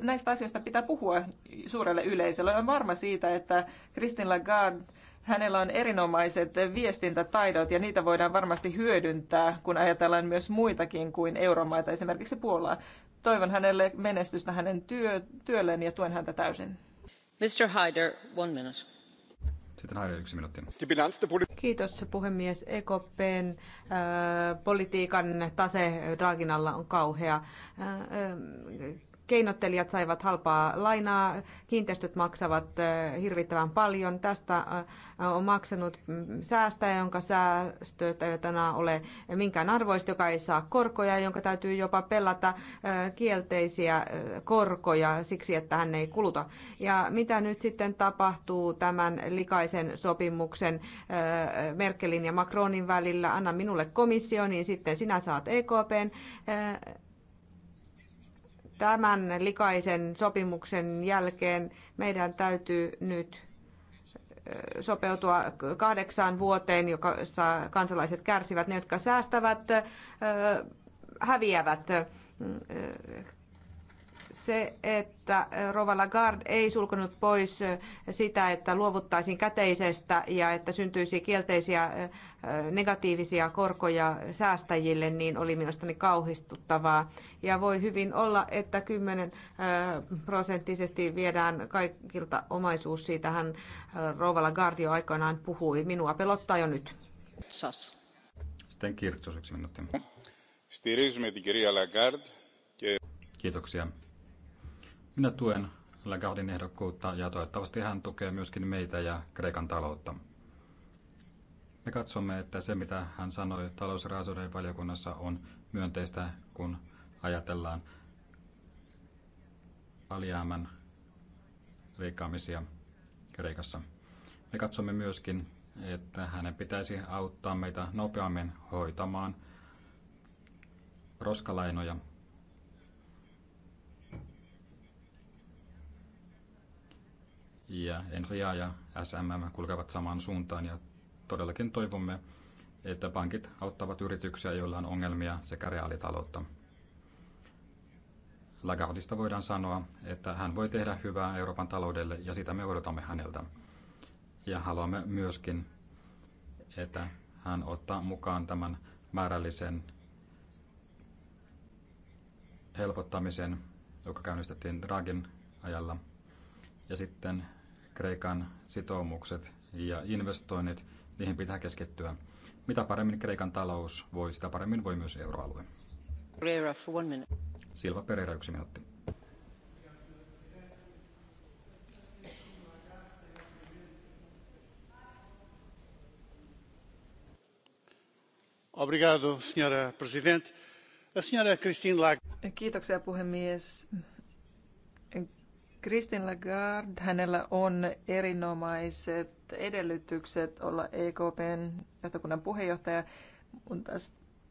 S2: näistä asioista pitää puhua suurelle yleisölle. Olen varma siitä, että Kristin Lagarde, hänellä on erinomaiset viestintätaidot ja niitä voidaan varmasti hyödyntää, kun ajatellaan myös muitakin kuin euromaita, esimerkiksi Puolaa toivon hänelle menestystä hänen työ, työlleen ja tuen häntä täysin. Mr. Heider, one minute.
S1: Sitten Heider yksi minuutti.
S4: Kiitos puhemies. EKPn äh, politiikan tase Draginalla on kauhea. Äh, äh, keinottelijat saivat halpaa lainaa, kiinteistöt maksavat hirvittävän paljon. Tästä on maksanut mm, säästäjä, jonka säästöt eivät enää ole minkään arvoista, joka ei saa korkoja, jonka täytyy jopa pelata kielteisiä korkoja siksi, että hän ei kuluta. Ja mitä nyt sitten tapahtuu tämän likaisen sopimuksen Merkelin ja Macronin välillä? Anna minulle komissio, niin sitten sinä saat EKPn tämän likaisen sopimuksen jälkeen meidän täytyy nyt sopeutua kahdeksaan vuoteen, jossa kansalaiset kärsivät. Ne, jotka säästävät, häviävät. Mm, se, että äh, Rova Lagarde ei sulkenut pois äh, sitä, että luovuttaisiin käteisestä ja että syntyisi kielteisiä äh, negatiivisia korkoja säästäjille, niin oli mielestäni kauhistuttavaa. Ja voi hyvin olla, että 10 prosenttisesti viedään kaikilta omaisuus. Siitähän Rova Lagarde jo aikanaan puhui. Minua pelottaa jo nyt. Sos. Sitten
S1: Kirtsos yksi minuutti. Stirizumme Kiitoksia. Minä tuen Lagardin ehdokkuutta ja toivottavasti hän tukee myöskin meitä ja Kreikan taloutta. Me katsomme, että se mitä hän sanoi talous- ja valiokunnassa on myönteistä, kun ajatellaan alijäämän leikkaamisia Kreikassa. Me katsomme myöskin, että hänen pitäisi auttaa meitä nopeammin hoitamaan roskalainoja ja Enria ja SMM kulkevat samaan suuntaan ja todellakin toivomme, että pankit auttavat yrityksiä, joilla on ongelmia sekä reaalitaloutta. Lagardista voidaan sanoa, että hän voi tehdä hyvää Euroopan taloudelle ja sitä me odotamme häneltä. Ja haluamme myöskin, että hän ottaa mukaan tämän määrällisen helpottamisen, joka käynnistettiin Dragin ajalla. Ja sitten Kreikan sitoumukset ja investoinnit, niihin pitää keskittyä. Mitä paremmin Kreikan talous voi, sitä paremmin voi myös euroalue. Silva Pereira, yksi minuutti.
S5: Obrigado, signora presidente. Signora Christine Lagarde.
S2: Kiitoksia puhemies. Kristin Lagarde, hänellä on erinomaiset edellytykset olla EKPn johtokunnan puheenjohtaja, mutta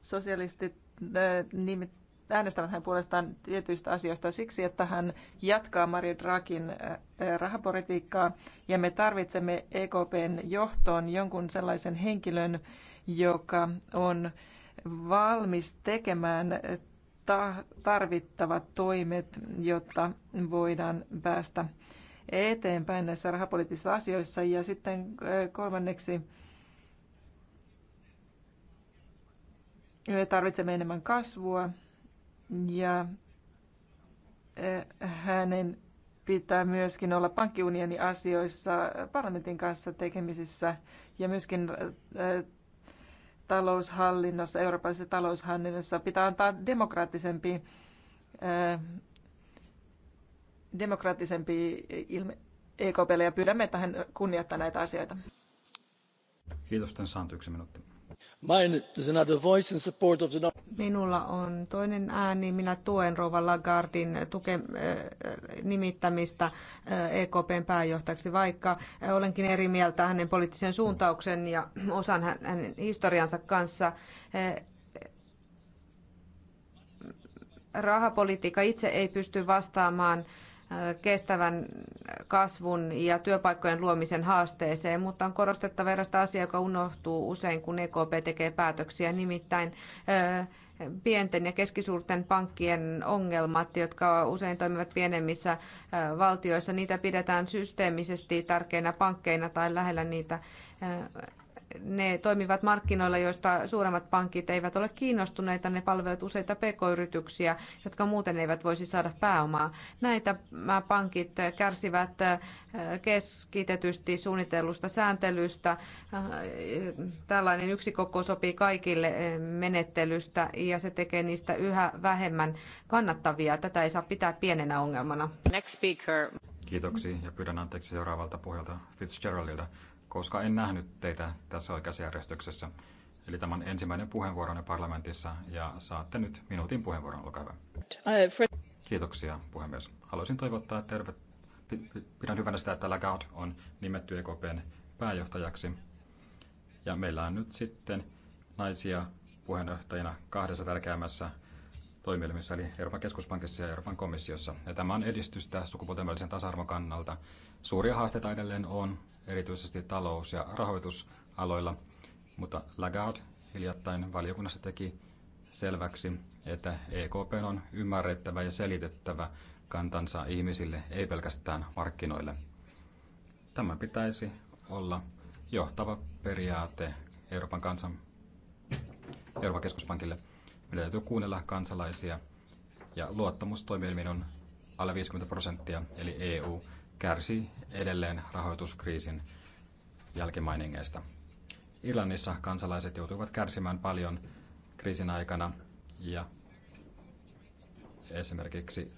S2: sosialistit äh, äänestävät hän puolestaan tietyistä asioista siksi, että hän jatkaa Mario Draghin äh, äh, rahapolitiikkaa ja me tarvitsemme EKPn johtoon jonkun sellaisen henkilön, joka on valmis tekemään ottaa tarvittavat toimet, jotta voidaan päästä eteenpäin näissä rahapoliittisissa asioissa. Ja sitten kolmanneksi me tarvitsemme enemmän kasvua ja hänen pitää myöskin olla pankkiunioni asioissa parlamentin kanssa tekemisissä ja myöskin taloushallinnossa, eurooppalaisessa taloushallinnossa pitää antaa demokraattisempi, ää, äh, demokraattisempi ilme EKPlle ja pyydämme, että hän kunnioittaa
S4: näitä asioita.
S1: Kiitos, tämän saanut yksi minuutti. No-
S4: Minulla on toinen ääni. Minä tuen rouva Lagardin tuke, äh, nimittämistä äh, EKPn pääjohtajaksi, vaikka äh, olenkin eri mieltä hänen poliittisen suuntauksen ja osan hänen historiansa kanssa rahapolitiikka itse ei pysty vastaamaan kestävän kasvun ja työpaikkojen luomisen haasteeseen, mutta on korostettava erästä asiaa, joka unohtuu usein, kun EKP tekee päätöksiä, nimittäin pienten ja keskisuurten pankkien ongelmat, jotka usein toimivat pienemmissä valtioissa, niitä pidetään systeemisesti tärkeinä pankkeina tai lähellä niitä ne toimivat markkinoilla, joista suuremmat pankit eivät ole kiinnostuneita. Ne palvelevat useita pk-yrityksiä, jotka muuten eivät voisi saada pääomaa. Näitä pankit kärsivät keskitetysti suunnitellusta sääntelystä. Tällainen yksi koko sopii kaikille menettelystä ja se tekee niistä yhä vähemmän kannattavia. Tätä ei saa pitää pienenä ongelmana. Next speaker.
S1: Kiitoksia ja pyydän anteeksi seuraavalta puhelta Fitzgeraldilta koska en nähnyt teitä tässä oikeassa järjestyksessä. Eli tämä on ensimmäinen puheenvuoronne parlamentissa ja saatte nyt minuutin puheenvuoron, olkaa hyvä. Kiitoksia puhemies. Haluaisin toivottaa tervet... Pidän hyvänä sitä, että Lagarde on nimetty EKPn pääjohtajaksi. Ja meillä on nyt sitten naisia puheenjohtajina kahdessa tärkeämmässä toimielimissä, eli Euroopan keskuspankissa ja Euroopan komissiossa. Ja tämä on edistystä sukupuolten välisen tasa-arvon kannalta. Suuria haasteita edelleen on, erityisesti talous- ja rahoitusaloilla, mutta Lagarde hiljattain valiokunnassa teki selväksi, että EKP on ymmärrettävä ja selitettävä kantansa ihmisille, ei pelkästään markkinoille. Tämä pitäisi olla johtava periaate Euroopan, kansan, Euroopan keskuspankille. Meidän täytyy kuunnella kansalaisia ja luottamus toimielimiin on alle 50 prosenttia, eli EU kärsii edelleen rahoituskriisin jälkimainingeista. Irlannissa kansalaiset joutuivat kärsimään paljon kriisin aikana ja esimerkiksi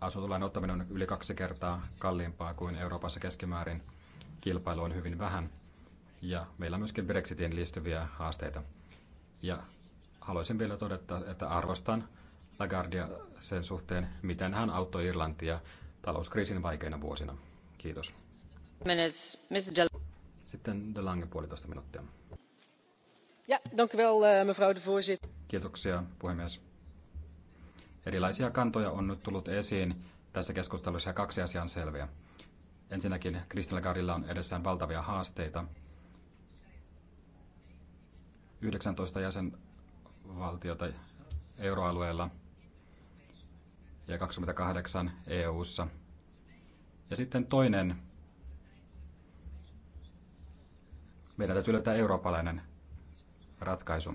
S1: asuntolainan ottaminen on yli kaksi kertaa kalliimpaa kuin Euroopassa keskimäärin. Kilpailu on hyvin vähän ja meillä on myöskin Brexitiin liittyviä haasteita. Ja haluaisin vielä todeta, että arvostan Lagardia sen suhteen, miten hän auttoi Irlantia talouskriisin vaikeina vuosina. Kiitos. Sitten De Lange puolitoista minuuttia.
S3: Ja, dank u wel, eh, mevrouw de voorzitter.
S1: Kiitoksia, puhemies. Erilaisia kantoja on nyt tullut esiin tässä keskustelussa ja kaksi asiaa on selviä. Ensinnäkin Kristallegaardilla on edessään valtavia haasteita. 19 jäsenvaltiota euroalueella – ja 28 EU:ssa. Ja sitten toinen, meidän täytyy löytää eurooppalainen ratkaisu.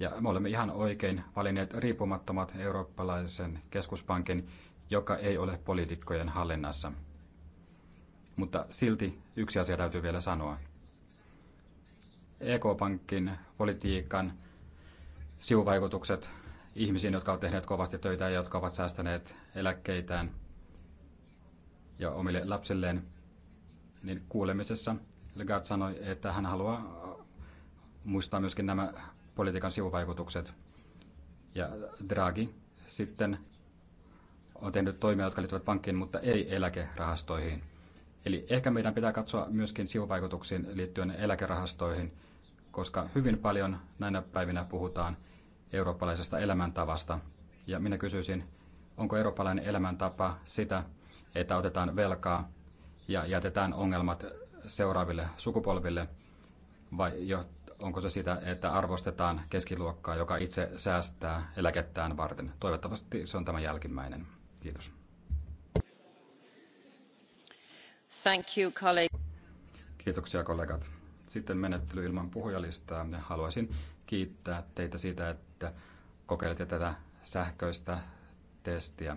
S1: Ja me olemme ihan oikein valinneet riippumattomat eurooppalaisen keskuspankin, joka ei ole poliitikkojen hallinnassa. Mutta silti yksi asia täytyy vielä sanoa. EK-pankin politiikan sivuvaikutukset ihmisiin, jotka ovat tehneet kovasti töitä ja jotka ovat säästäneet eläkkeitään ja omille lapsilleen, niin kuulemisessa Legard sanoi, että hän haluaa muistaa myöskin nämä politiikan sivuvaikutukset. Ja Draghi sitten on tehnyt toimia, jotka liittyvät pankkiin, mutta ei eläkerahastoihin. Eli ehkä meidän pitää katsoa myöskin sivuvaikutuksiin liittyen eläkerahastoihin, koska hyvin paljon näinä päivinä puhutaan – eurooppalaisesta elämäntavasta. Ja minä kysyisin, onko eurooppalainen elämäntapa sitä, että otetaan velkaa ja jätetään ongelmat seuraaville sukupolville, vai jo, onko se sitä, että arvostetaan keskiluokkaa, joka itse säästää eläkettään varten? Toivottavasti se on tämä jälkimmäinen. Kiitos. Thank you, colleague. Kiitoksia kollegat. Sitten menettely ilman puhujalistaa. Haluaisin kiittää teitä siitä, että kokeilette tätä sähköistä testiä.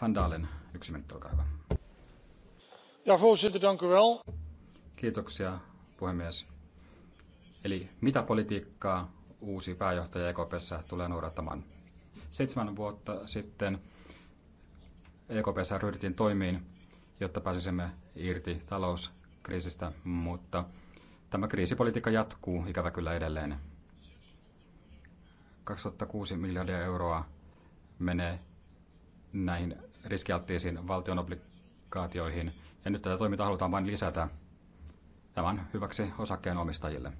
S1: Van Dalen, yksi minuutti, olkaa hyvä. Ja voorzitter, dank u wel. Kiitoksia, puhemies. Eli mitä politiikkaa uusi pääjohtaja EKPssä tulee noudattamaan? Seitsemän vuotta sitten EKPssä ryhdyttiin toimiin, jotta pääsisimme irti talouskriisistä, mutta Tämä kriisipolitiikka jatkuu ikävä kyllä edelleen. 2006 miljardia euroa menee näihin riskialttiisiin valtionobligaatioihin, ja nyt tätä toimintaa halutaan vain lisätä tämän hyväksi osakkeenomistajille.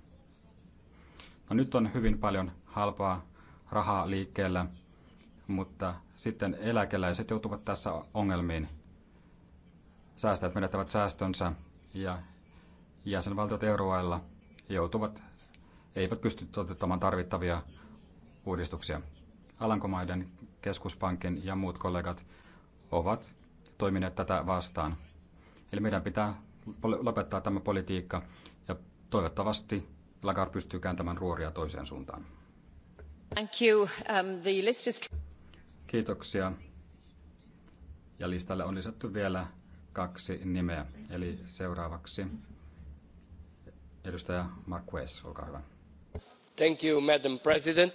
S1: No nyt on hyvin paljon halpaa rahaa liikkeellä, mutta sitten eläkeläiset joutuvat tässä ongelmiin. Säästäjät menettävät säästönsä ja jäsenvaltiot euroailla joutuvat, eivät pysty toteuttamaan tarvittavia uudistuksia. Alankomaiden keskuspankin ja muut kollegat ovat toimineet tätä vastaan. Eli meidän pitää lopettaa tämä politiikka ja toivottavasti Lagarde pystyy kääntämään ruoria toiseen suuntaan.
S2: Thank you. Um, the list is...
S1: Kiitoksia. Ja listalle on lisätty vielä kaksi nimeä. Eli seuraavaksi Edustaja Marques olkaa hyvä.
S4: Thank you, Madam President.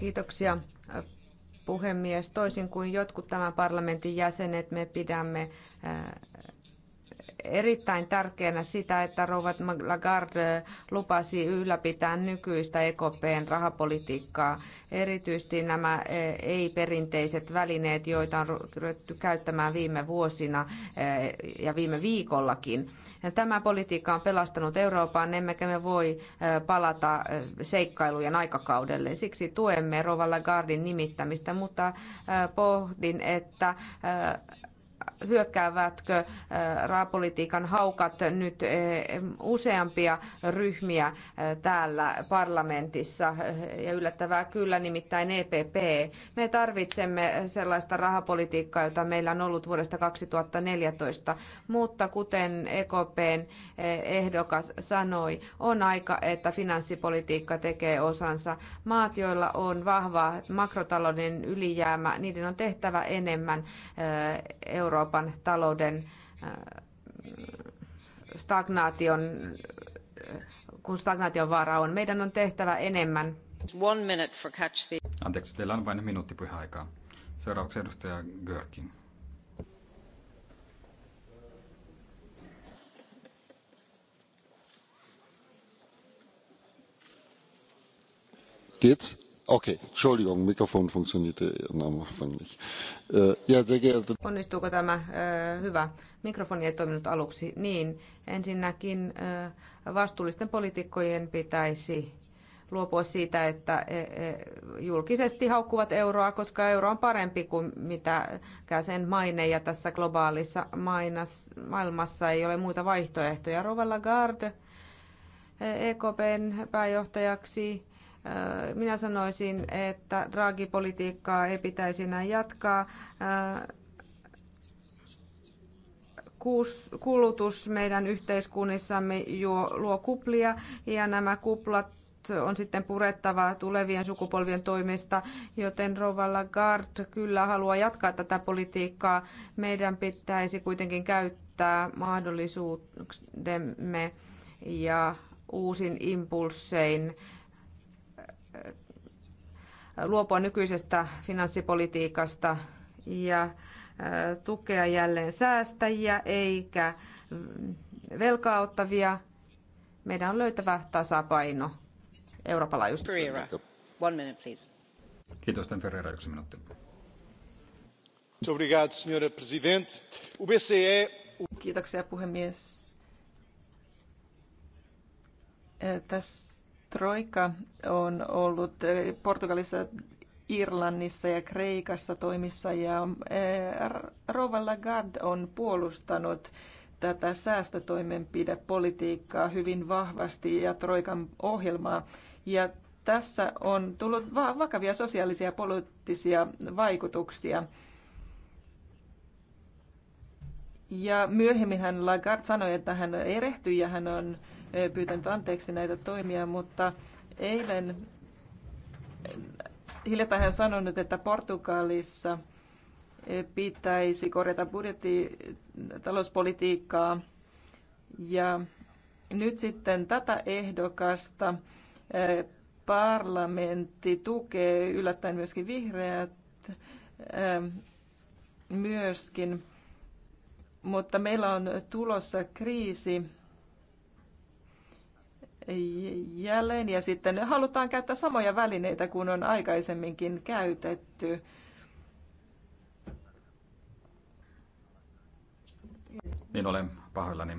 S4: Kiitoksia puhemies. Toisin kuin jotkut tämän parlamentin jäsenet, me pidämme erittäin tärkeänä sitä, että Rouva Lagarde lupasi ylläpitää nykyistä EKPn rahapolitiikkaa, erityisesti nämä e, ei-perinteiset välineet, joita on ryhdytty käyttämään viime vuosina e, ja viime viikollakin. Tämä politiikka on pelastanut Euroopan, emmekä me voi e, palata seikkailujen aikakaudelle. Siksi tuemme Rouva Lagardin nimittämistä, mutta pohdin, että hyökkäävätkö äh, rahapolitiikan haukat nyt äh, useampia ryhmiä äh, täällä parlamentissa. Ja yllättävää kyllä, nimittäin EPP. Me tarvitsemme sellaista rahapolitiikkaa, jota meillä on ollut vuodesta 2014. Mutta kuten EKPn ehdokas sanoi, on aika, että finanssipolitiikka tekee osansa. Maat, joilla on vahva makrotalouden ylijäämä, niiden on tehtävä enemmän euro Euroopan talouden äh, stagnaation, äh, kun stagnaation vaara on. Meidän on tehtävä enemmän. One minute for catch the...
S1: Anteeksi, teillä on vain minuutti aikaa. Seuraavaksi edustaja Görkin. Kiitos. Okei, Entschuldigung, Mikrofon funktionierte äh,
S2: am Anfang nicht. Äh, ja, sehr geehrte...
S4: Onnistuuko tämä? Äh, hyvä. Mikrofoni ei toiminut aluksi. Niin, ensinnäkin vastuullisten poliitikkojen pitäisi luopua siitä, että e, e, julkisesti haukkuvat euroa, koska euro on parempi kuin mitä sen maine ja tässä globaalissa mainas, maailmassa ei ole muita vaihtoehtoja. Rovella Gard EKPn e pääjohtajaksi minä sanoisin, että draagipolitiikkaa ei pitäisi enää jatkaa. Kulutus meidän yhteiskunnissamme juo, luo kuplia ja nämä kuplat on sitten purettava tulevien sukupolvien toimesta, joten Rova Lagarde kyllä haluaa jatkaa tätä politiikkaa. Meidän pitäisi kuitenkin käyttää mahdollisuudemme ja uusin impulsein Äh, luopua nykyisestä finanssipolitiikasta ja äh, tukea jälleen säästäjiä eikä velkaa ottavia. Meidän on löytävä tasapaino Euroopan
S1: Kiitos, Tän Ferreira, yksi minuutti.
S2: E, Kiitoksia puhemies. Äh, tässä Troika on ollut eh, Portugalissa, Irlannissa ja Kreikassa toimissa ja eh, Rova Lagarde on puolustanut tätä säästötoimenpidepolitiikkaa hyvin vahvasti ja Troikan ohjelmaa. Ja tässä on tullut vakavia sosiaalisia ja poliittisia vaikutuksia. Ja myöhemmin hän Lagarde sanoi, että hän erehtyi ja hän on pyytänyt anteeksi näitä toimia, mutta eilen hiljattain hän sanonut, että Portugalissa pitäisi korjata budjetti, talouspolitiikkaa ja nyt sitten tätä ehdokasta eh, parlamentti tukee yllättäen myöskin vihreät eh, myöskin, mutta meillä on tulossa kriisi jälleen ja sitten halutaan käyttää samoja välineitä kuin on aikaisemminkin käytetty.
S1: Niin olen pahoillani.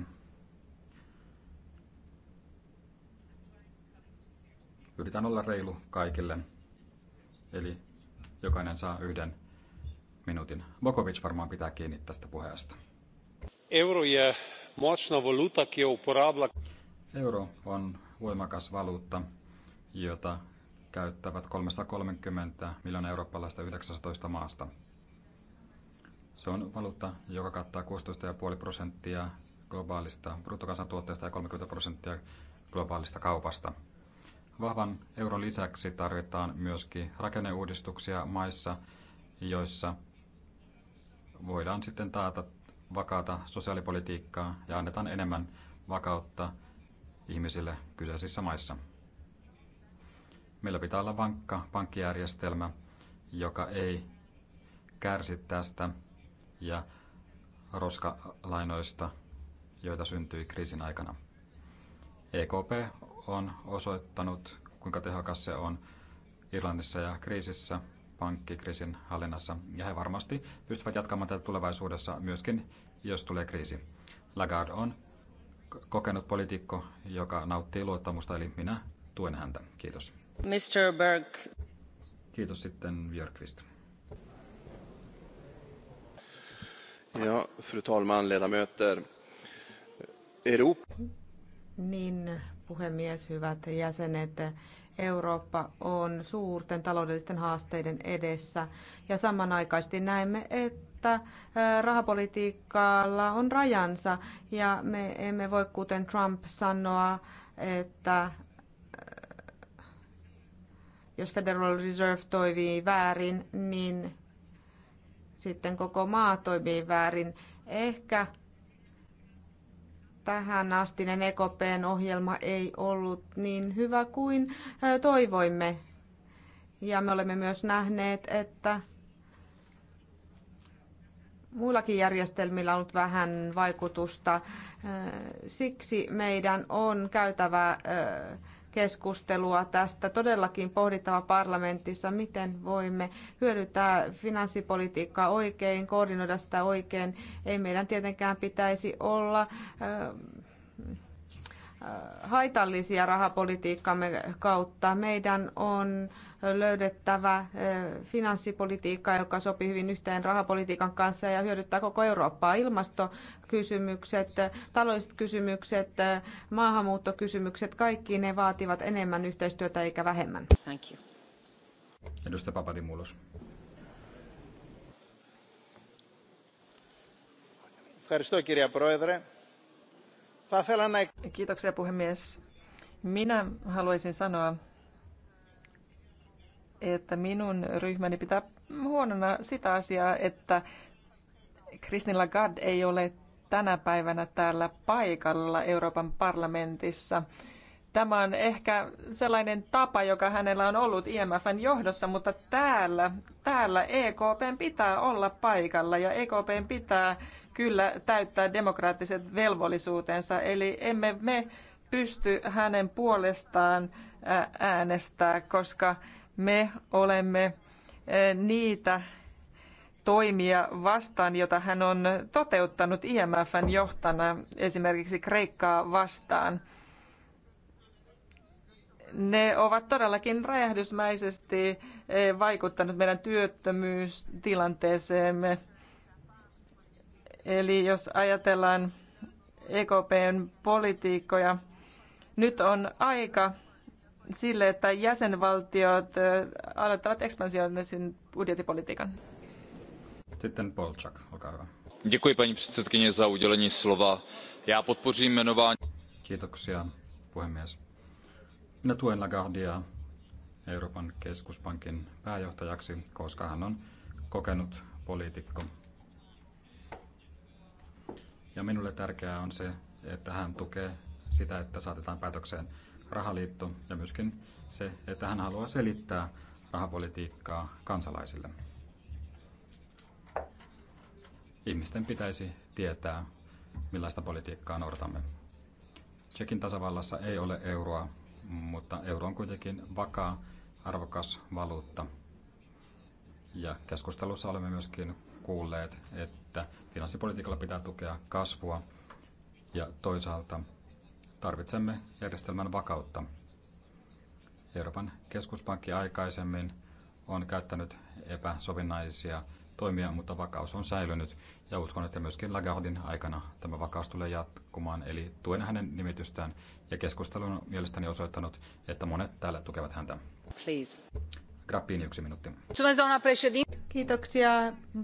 S1: Yritän olla reilu kaikille. Eli jokainen saa yhden minuutin. Bokovic varmaan pitää kiinni tästä puheesta.
S5: Euro je močna valuta, ki jo uporablja
S1: Euro on voimakas valuutta, jota käyttävät 330 miljoonaa eurooppalaista 19 maasta. Se on valuutta, joka kattaa 16,5 prosenttia globaalista bruttokansantuotteesta ja 30 prosenttia globaalista kaupasta. Vahvan euron lisäksi tarvitaan myöskin rakenneuudistuksia maissa, joissa voidaan sitten taata vakaata sosiaalipolitiikkaa ja annetaan enemmän vakautta ihmisille kyseisissä maissa. Meillä pitää olla vankka pankkijärjestelmä, joka ei kärsi tästä ja roskalainoista, joita syntyi kriisin aikana. EKP on osoittanut, kuinka tehokas se on Irlannissa ja kriisissä, pankkikriisin hallinnassa, ja he varmasti pystyvät jatkamaan tätä tulevaisuudessa myöskin, jos tulee kriisi. Lagarde on kokenut poliitikko, joka nauttii luottamusta, eli minä tuen häntä. Kiitos.
S4: Mr. Berg.
S1: Kiitos sitten Björkvist.
S5: Ja, fru talman, ledamöter. Europa.
S4: Niin, puhemies, hyvät jäsenet. Eurooppa on suurten taloudellisten haasteiden edessä ja samanaikaisesti näemme, että että rahapolitiikalla on rajansa ja me emme voi kuten Trump sanoa, että jos Federal Reserve toimii väärin, niin sitten koko maa toimii väärin. Ehkä tähän astinen EKPn ohjelma ei ollut niin hyvä kuin toivoimme. Ja me olemme myös nähneet, että muillakin järjestelmillä on ollut vähän vaikutusta. Äh, siksi meidän on käytävä äh, keskustelua tästä. Todellakin pohdittava parlamentissa, miten voimme hyödyntää finanssipolitiikkaa oikein, koordinoida sitä oikein. Ei meidän tietenkään pitäisi olla äh, haitallisia rahapolitiikkamme kautta. Meidän on äh, löydettävä finanssipolitiikka, joka sopii hyvin yhteen rahapolitiikan kanssa ja hyödyttää koko Eurooppaa. Ilmastokysymykset, taloudelliset kysymykset, maahanmuuttokysymykset, kaikki ne vaativat enemmän yhteistyötä eikä vähemmän. Thank you.
S1: Edustaja Papadimulos.
S2: Kiitoksia puhemies. Minä haluaisin sanoa, että minun ryhmäni pitää huonona sitä asiaa, että Kristin Lagarde ei ole tänä päivänä täällä paikalla Euroopan parlamentissa. Tämä on ehkä sellainen tapa, joka hänellä on ollut IMFn johdossa, mutta täällä, täällä EKPn pitää olla paikalla ja EKPn pitää kyllä täyttää demokraattiset velvollisuutensa. Eli emme me pysty hänen puolestaan äänestää, koska me olemme eh, niitä toimia vastaan, jota hän on toteuttanut IMFn johtana esimerkiksi Kreikkaa vastaan. Ne ovat todellakin räjähdysmäisesti eh, vaikuttaneet meidän työttömyystilanteeseemme. Eli jos ajatellaan EKPn politiikkoja, nyt on aika sille, että jäsenvaltiot aloittavat ekspansionisen budjettipolitiikan.
S1: Sitten Polchak, olkaa hyvä. Děkuji paní předsedkyně za udělení slova. Já podpořím jmenování. Kiitoksia, puhemies. Minä tuen Lagardia Euroopan keskuspankin pääjohtajaksi, koska hän on kokenut poliitikko. Ja minulle tärkeää on se, että hän tukee sitä, että saatetaan päätökseen rahaliitto ja myöskin se, että hän haluaa selittää rahapolitiikkaa kansalaisille. Ihmisten pitäisi tietää, millaista politiikkaa noudatamme. Tsekin tasavallassa ei ole euroa, mutta euro on kuitenkin vakaa, arvokas valuutta. Ja keskustelussa olemme myöskin kuulleet, että finanssipolitiikalla pitää tukea kasvua ja toisaalta Tarvitsemme järjestelmän vakautta. Euroopan keskuspankki aikaisemmin on käyttänyt epäsovinnaisia toimia, mutta vakaus on säilynyt. Ja uskon, että myöskin Lagardin aikana tämä vakaus tulee jatkumaan. Eli tuen hänen nimitystään ja keskustelu on mielestäni osoittanut, että monet täällä tukevat häntä. Please. Grappini yksi minuutti.
S4: Kiitoksia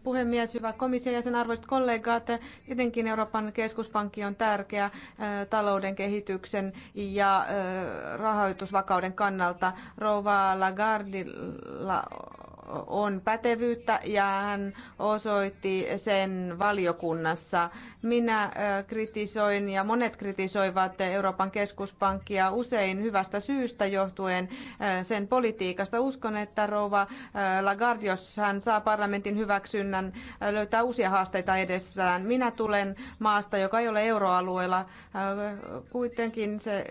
S4: puhemies, hyvä komission jäsen, arvoisat kollegat. Tietenkin Euroopan keskuspankki on tärkeä talouden kehityksen ja rahoitusvakauden kannalta. Rova Lagardilla on pätevyyttä ja hän osoitti sen valiokunnassa. Minä äh, kritisoin ja monet kritisoivat Euroopan keskuspankkia usein hyvästä syystä johtuen äh, sen politiikasta. Uskon, että rouva äh, Lagarde, jos hän saa parlamentin hyväksynnän, löytää uusia haasteita edessään. Minä tulen maasta, joka ei ole euroalueella. Kuitenkin se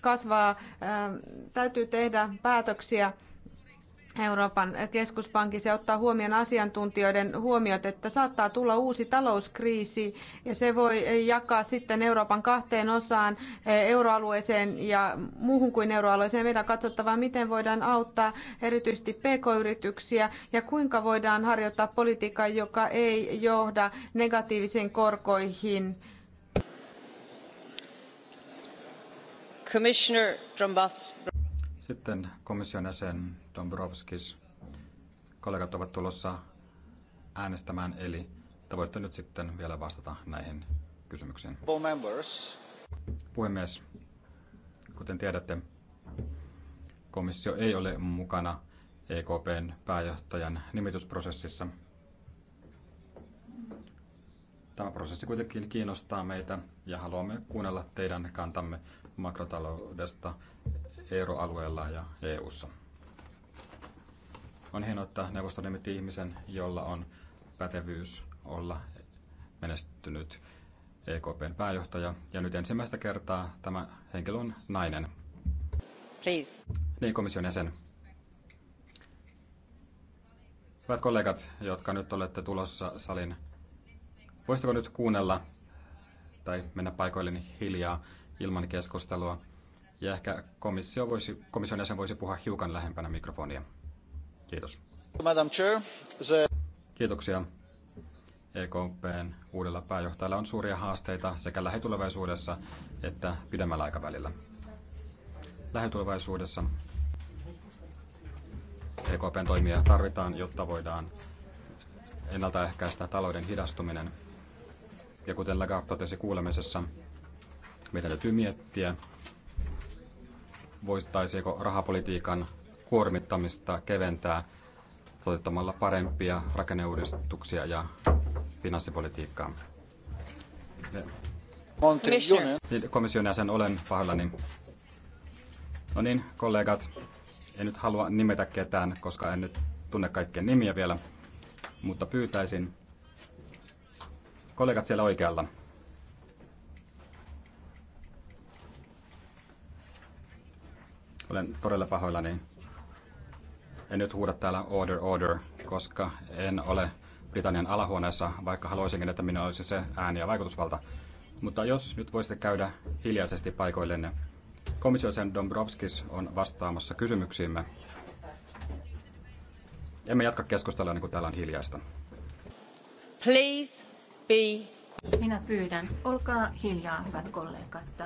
S4: kasvaa. Täytyy tehdä päätöksiä Euroopan keskuspankissa se ottaa huomioon asiantuntijoiden huomiot, että saattaa tulla uusi talouskriisi ja se voi jakaa sitten Euroopan kahteen osaan, eh, euroalueeseen ja muuhun kuin euroalueeseen. Meidän on katsottava, miten voidaan auttaa erityisesti pk-yrityksiä ja kuinka voidaan harjoittaa politiikkaa, joka ei johda negatiivisiin korkoihin.
S5: Commissioner
S1: Sitten komission jäsen Dombrovskis. Kollegat ovat tulossa äänestämään, eli te voitte nyt sitten vielä vastata näihin kysymyksiin. Puhemies, kuten tiedätte, komissio ei ole mukana EKPn pääjohtajan nimitysprosessissa. Tämä prosessi kuitenkin kiinnostaa meitä ja haluamme kuunnella teidän kantamme makrotaloudesta euroalueella ja EU:ssa. On hienoa, että neuvosto nimitti ihmisen, jolla on pätevyys olla menestynyt EKPn pääjohtaja. Ja nyt ensimmäistä kertaa tämä henkilö on nainen. Please. Niin, komission jäsen. Hyvät kollegat, jotka nyt olette tulossa salin, voisitteko nyt kuunnella tai mennä paikoilleni hiljaa ilman keskustelua? Ja ehkä komissio voisi, komission jäsen voisi puhua hiukan lähempänä mikrofonia. Kiitos. Madam Chair, the... Kiitoksia. EKPn uudella pääjohtajalla on suuria haasteita sekä lähitulevaisuudessa että pidemmällä aikavälillä. Lähitulevaisuudessa EKPn toimia tarvitaan, jotta voidaan ennaltaehkäistä talouden hidastuminen. Ja kuten Lagarde totesi kuulemisessa, meidän täytyy miettiä, voistaisiko rahapolitiikan kuormittamista keventää toteuttamalla parempia rakenneuudistuksia ja finanssipolitiikkaa. Komission jäsen olen pahoillani. No niin, kollegat, en nyt halua nimetä ketään, koska en nyt tunne kaikkien nimiä vielä, mutta pyytäisin kollegat siellä oikealla. Olen todella pahoillani. En nyt huuda täällä order, order, koska en ole Britannian alahuoneessa, vaikka haluaisinkin, että minä olisi se ääni ja vaikutusvalta. Mutta jos nyt voisitte käydä hiljaisesti paikoillenne. Komissiosen Dombrovskis on vastaamassa kysymyksiimme. Emme jatka keskustelua, niin kuin täällä on hiljaista.
S3: Please be... Minä pyydän, olkaa hiljaa, hyvät kollegat.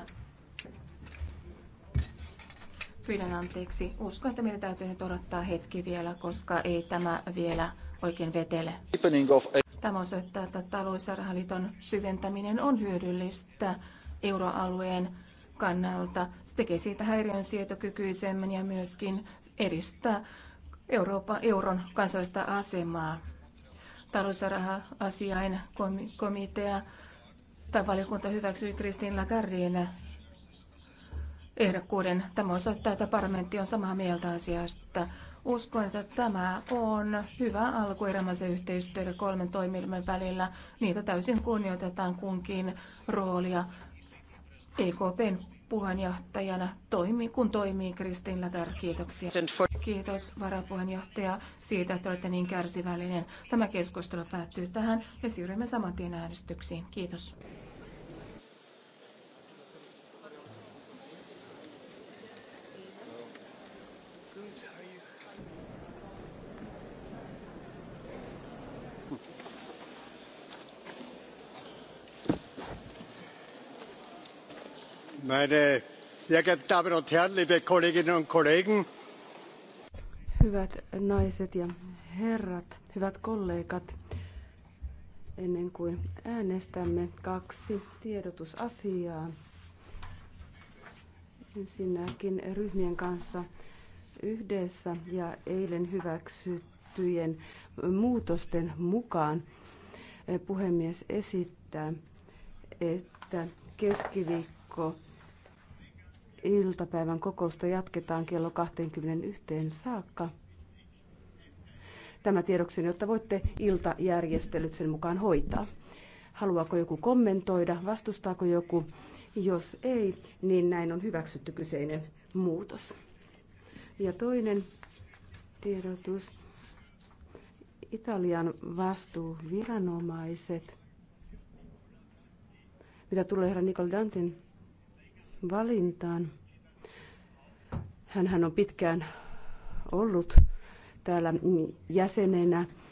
S3: Pyydän anteeksi. Uskon, että meidän täytyy nyt odottaa hetki vielä, koska ei tämä vielä oikein vetele. Tämä osoittaa, että talousarhaliton syventäminen on hyödyllistä euroalueen kannalta. Se tekee siitä häiriön sietokykyisemmän ja myöskin edistää Euroopan, euron kansallista asemaa. Talousraha-asiain komitea tai valiokunta hyväksyi Kristin Lagardin ehdokkuuden. Tämä osoittaa, että parlamentti on samaa mieltä asiasta. Uskon, että tämä on hyvä alku erämaisen yhteistyötä kolmen toimielimen välillä. Niitä täysin kunnioitetaan kunkin roolia. EKPn puheenjohtajana toimii, kun toimii Kristin Lagar. Kiitoksia. Kiitos varapuheenjohtaja siitä, että olette niin kärsivällinen. Tämä keskustelu päättyy tähän ja siirrymme saman tien äänestyksiin. Kiitos. meine sehr geehrten Damen und Herren, liebe Kolleginnen und Kollegen!
S5: Hyvät naiset ja herrat, hyvät kollegat, ennen kuin äänestämme kaksi tiedotusasiaa. Ensinnäkin ryhmien kanssa yhdessä ja eilen hyväksyttyjen muutosten mukaan puhemies esittää, että keskiviikko iltapäivän kokousta jatketaan kello 21 saakka. Tämä tiedoksi, jotta voitte iltajärjestelyt sen mukaan hoitaa. Haluaako joku kommentoida? Vastustaako joku? Jos ei, niin näin on hyväksytty kyseinen muutos. Ja toinen tiedotus. Italian vastuuviranomaiset. Mitä tulee herra Nicole Dantin valintaan. Hänhän on pitkään ollut täällä jäsenenä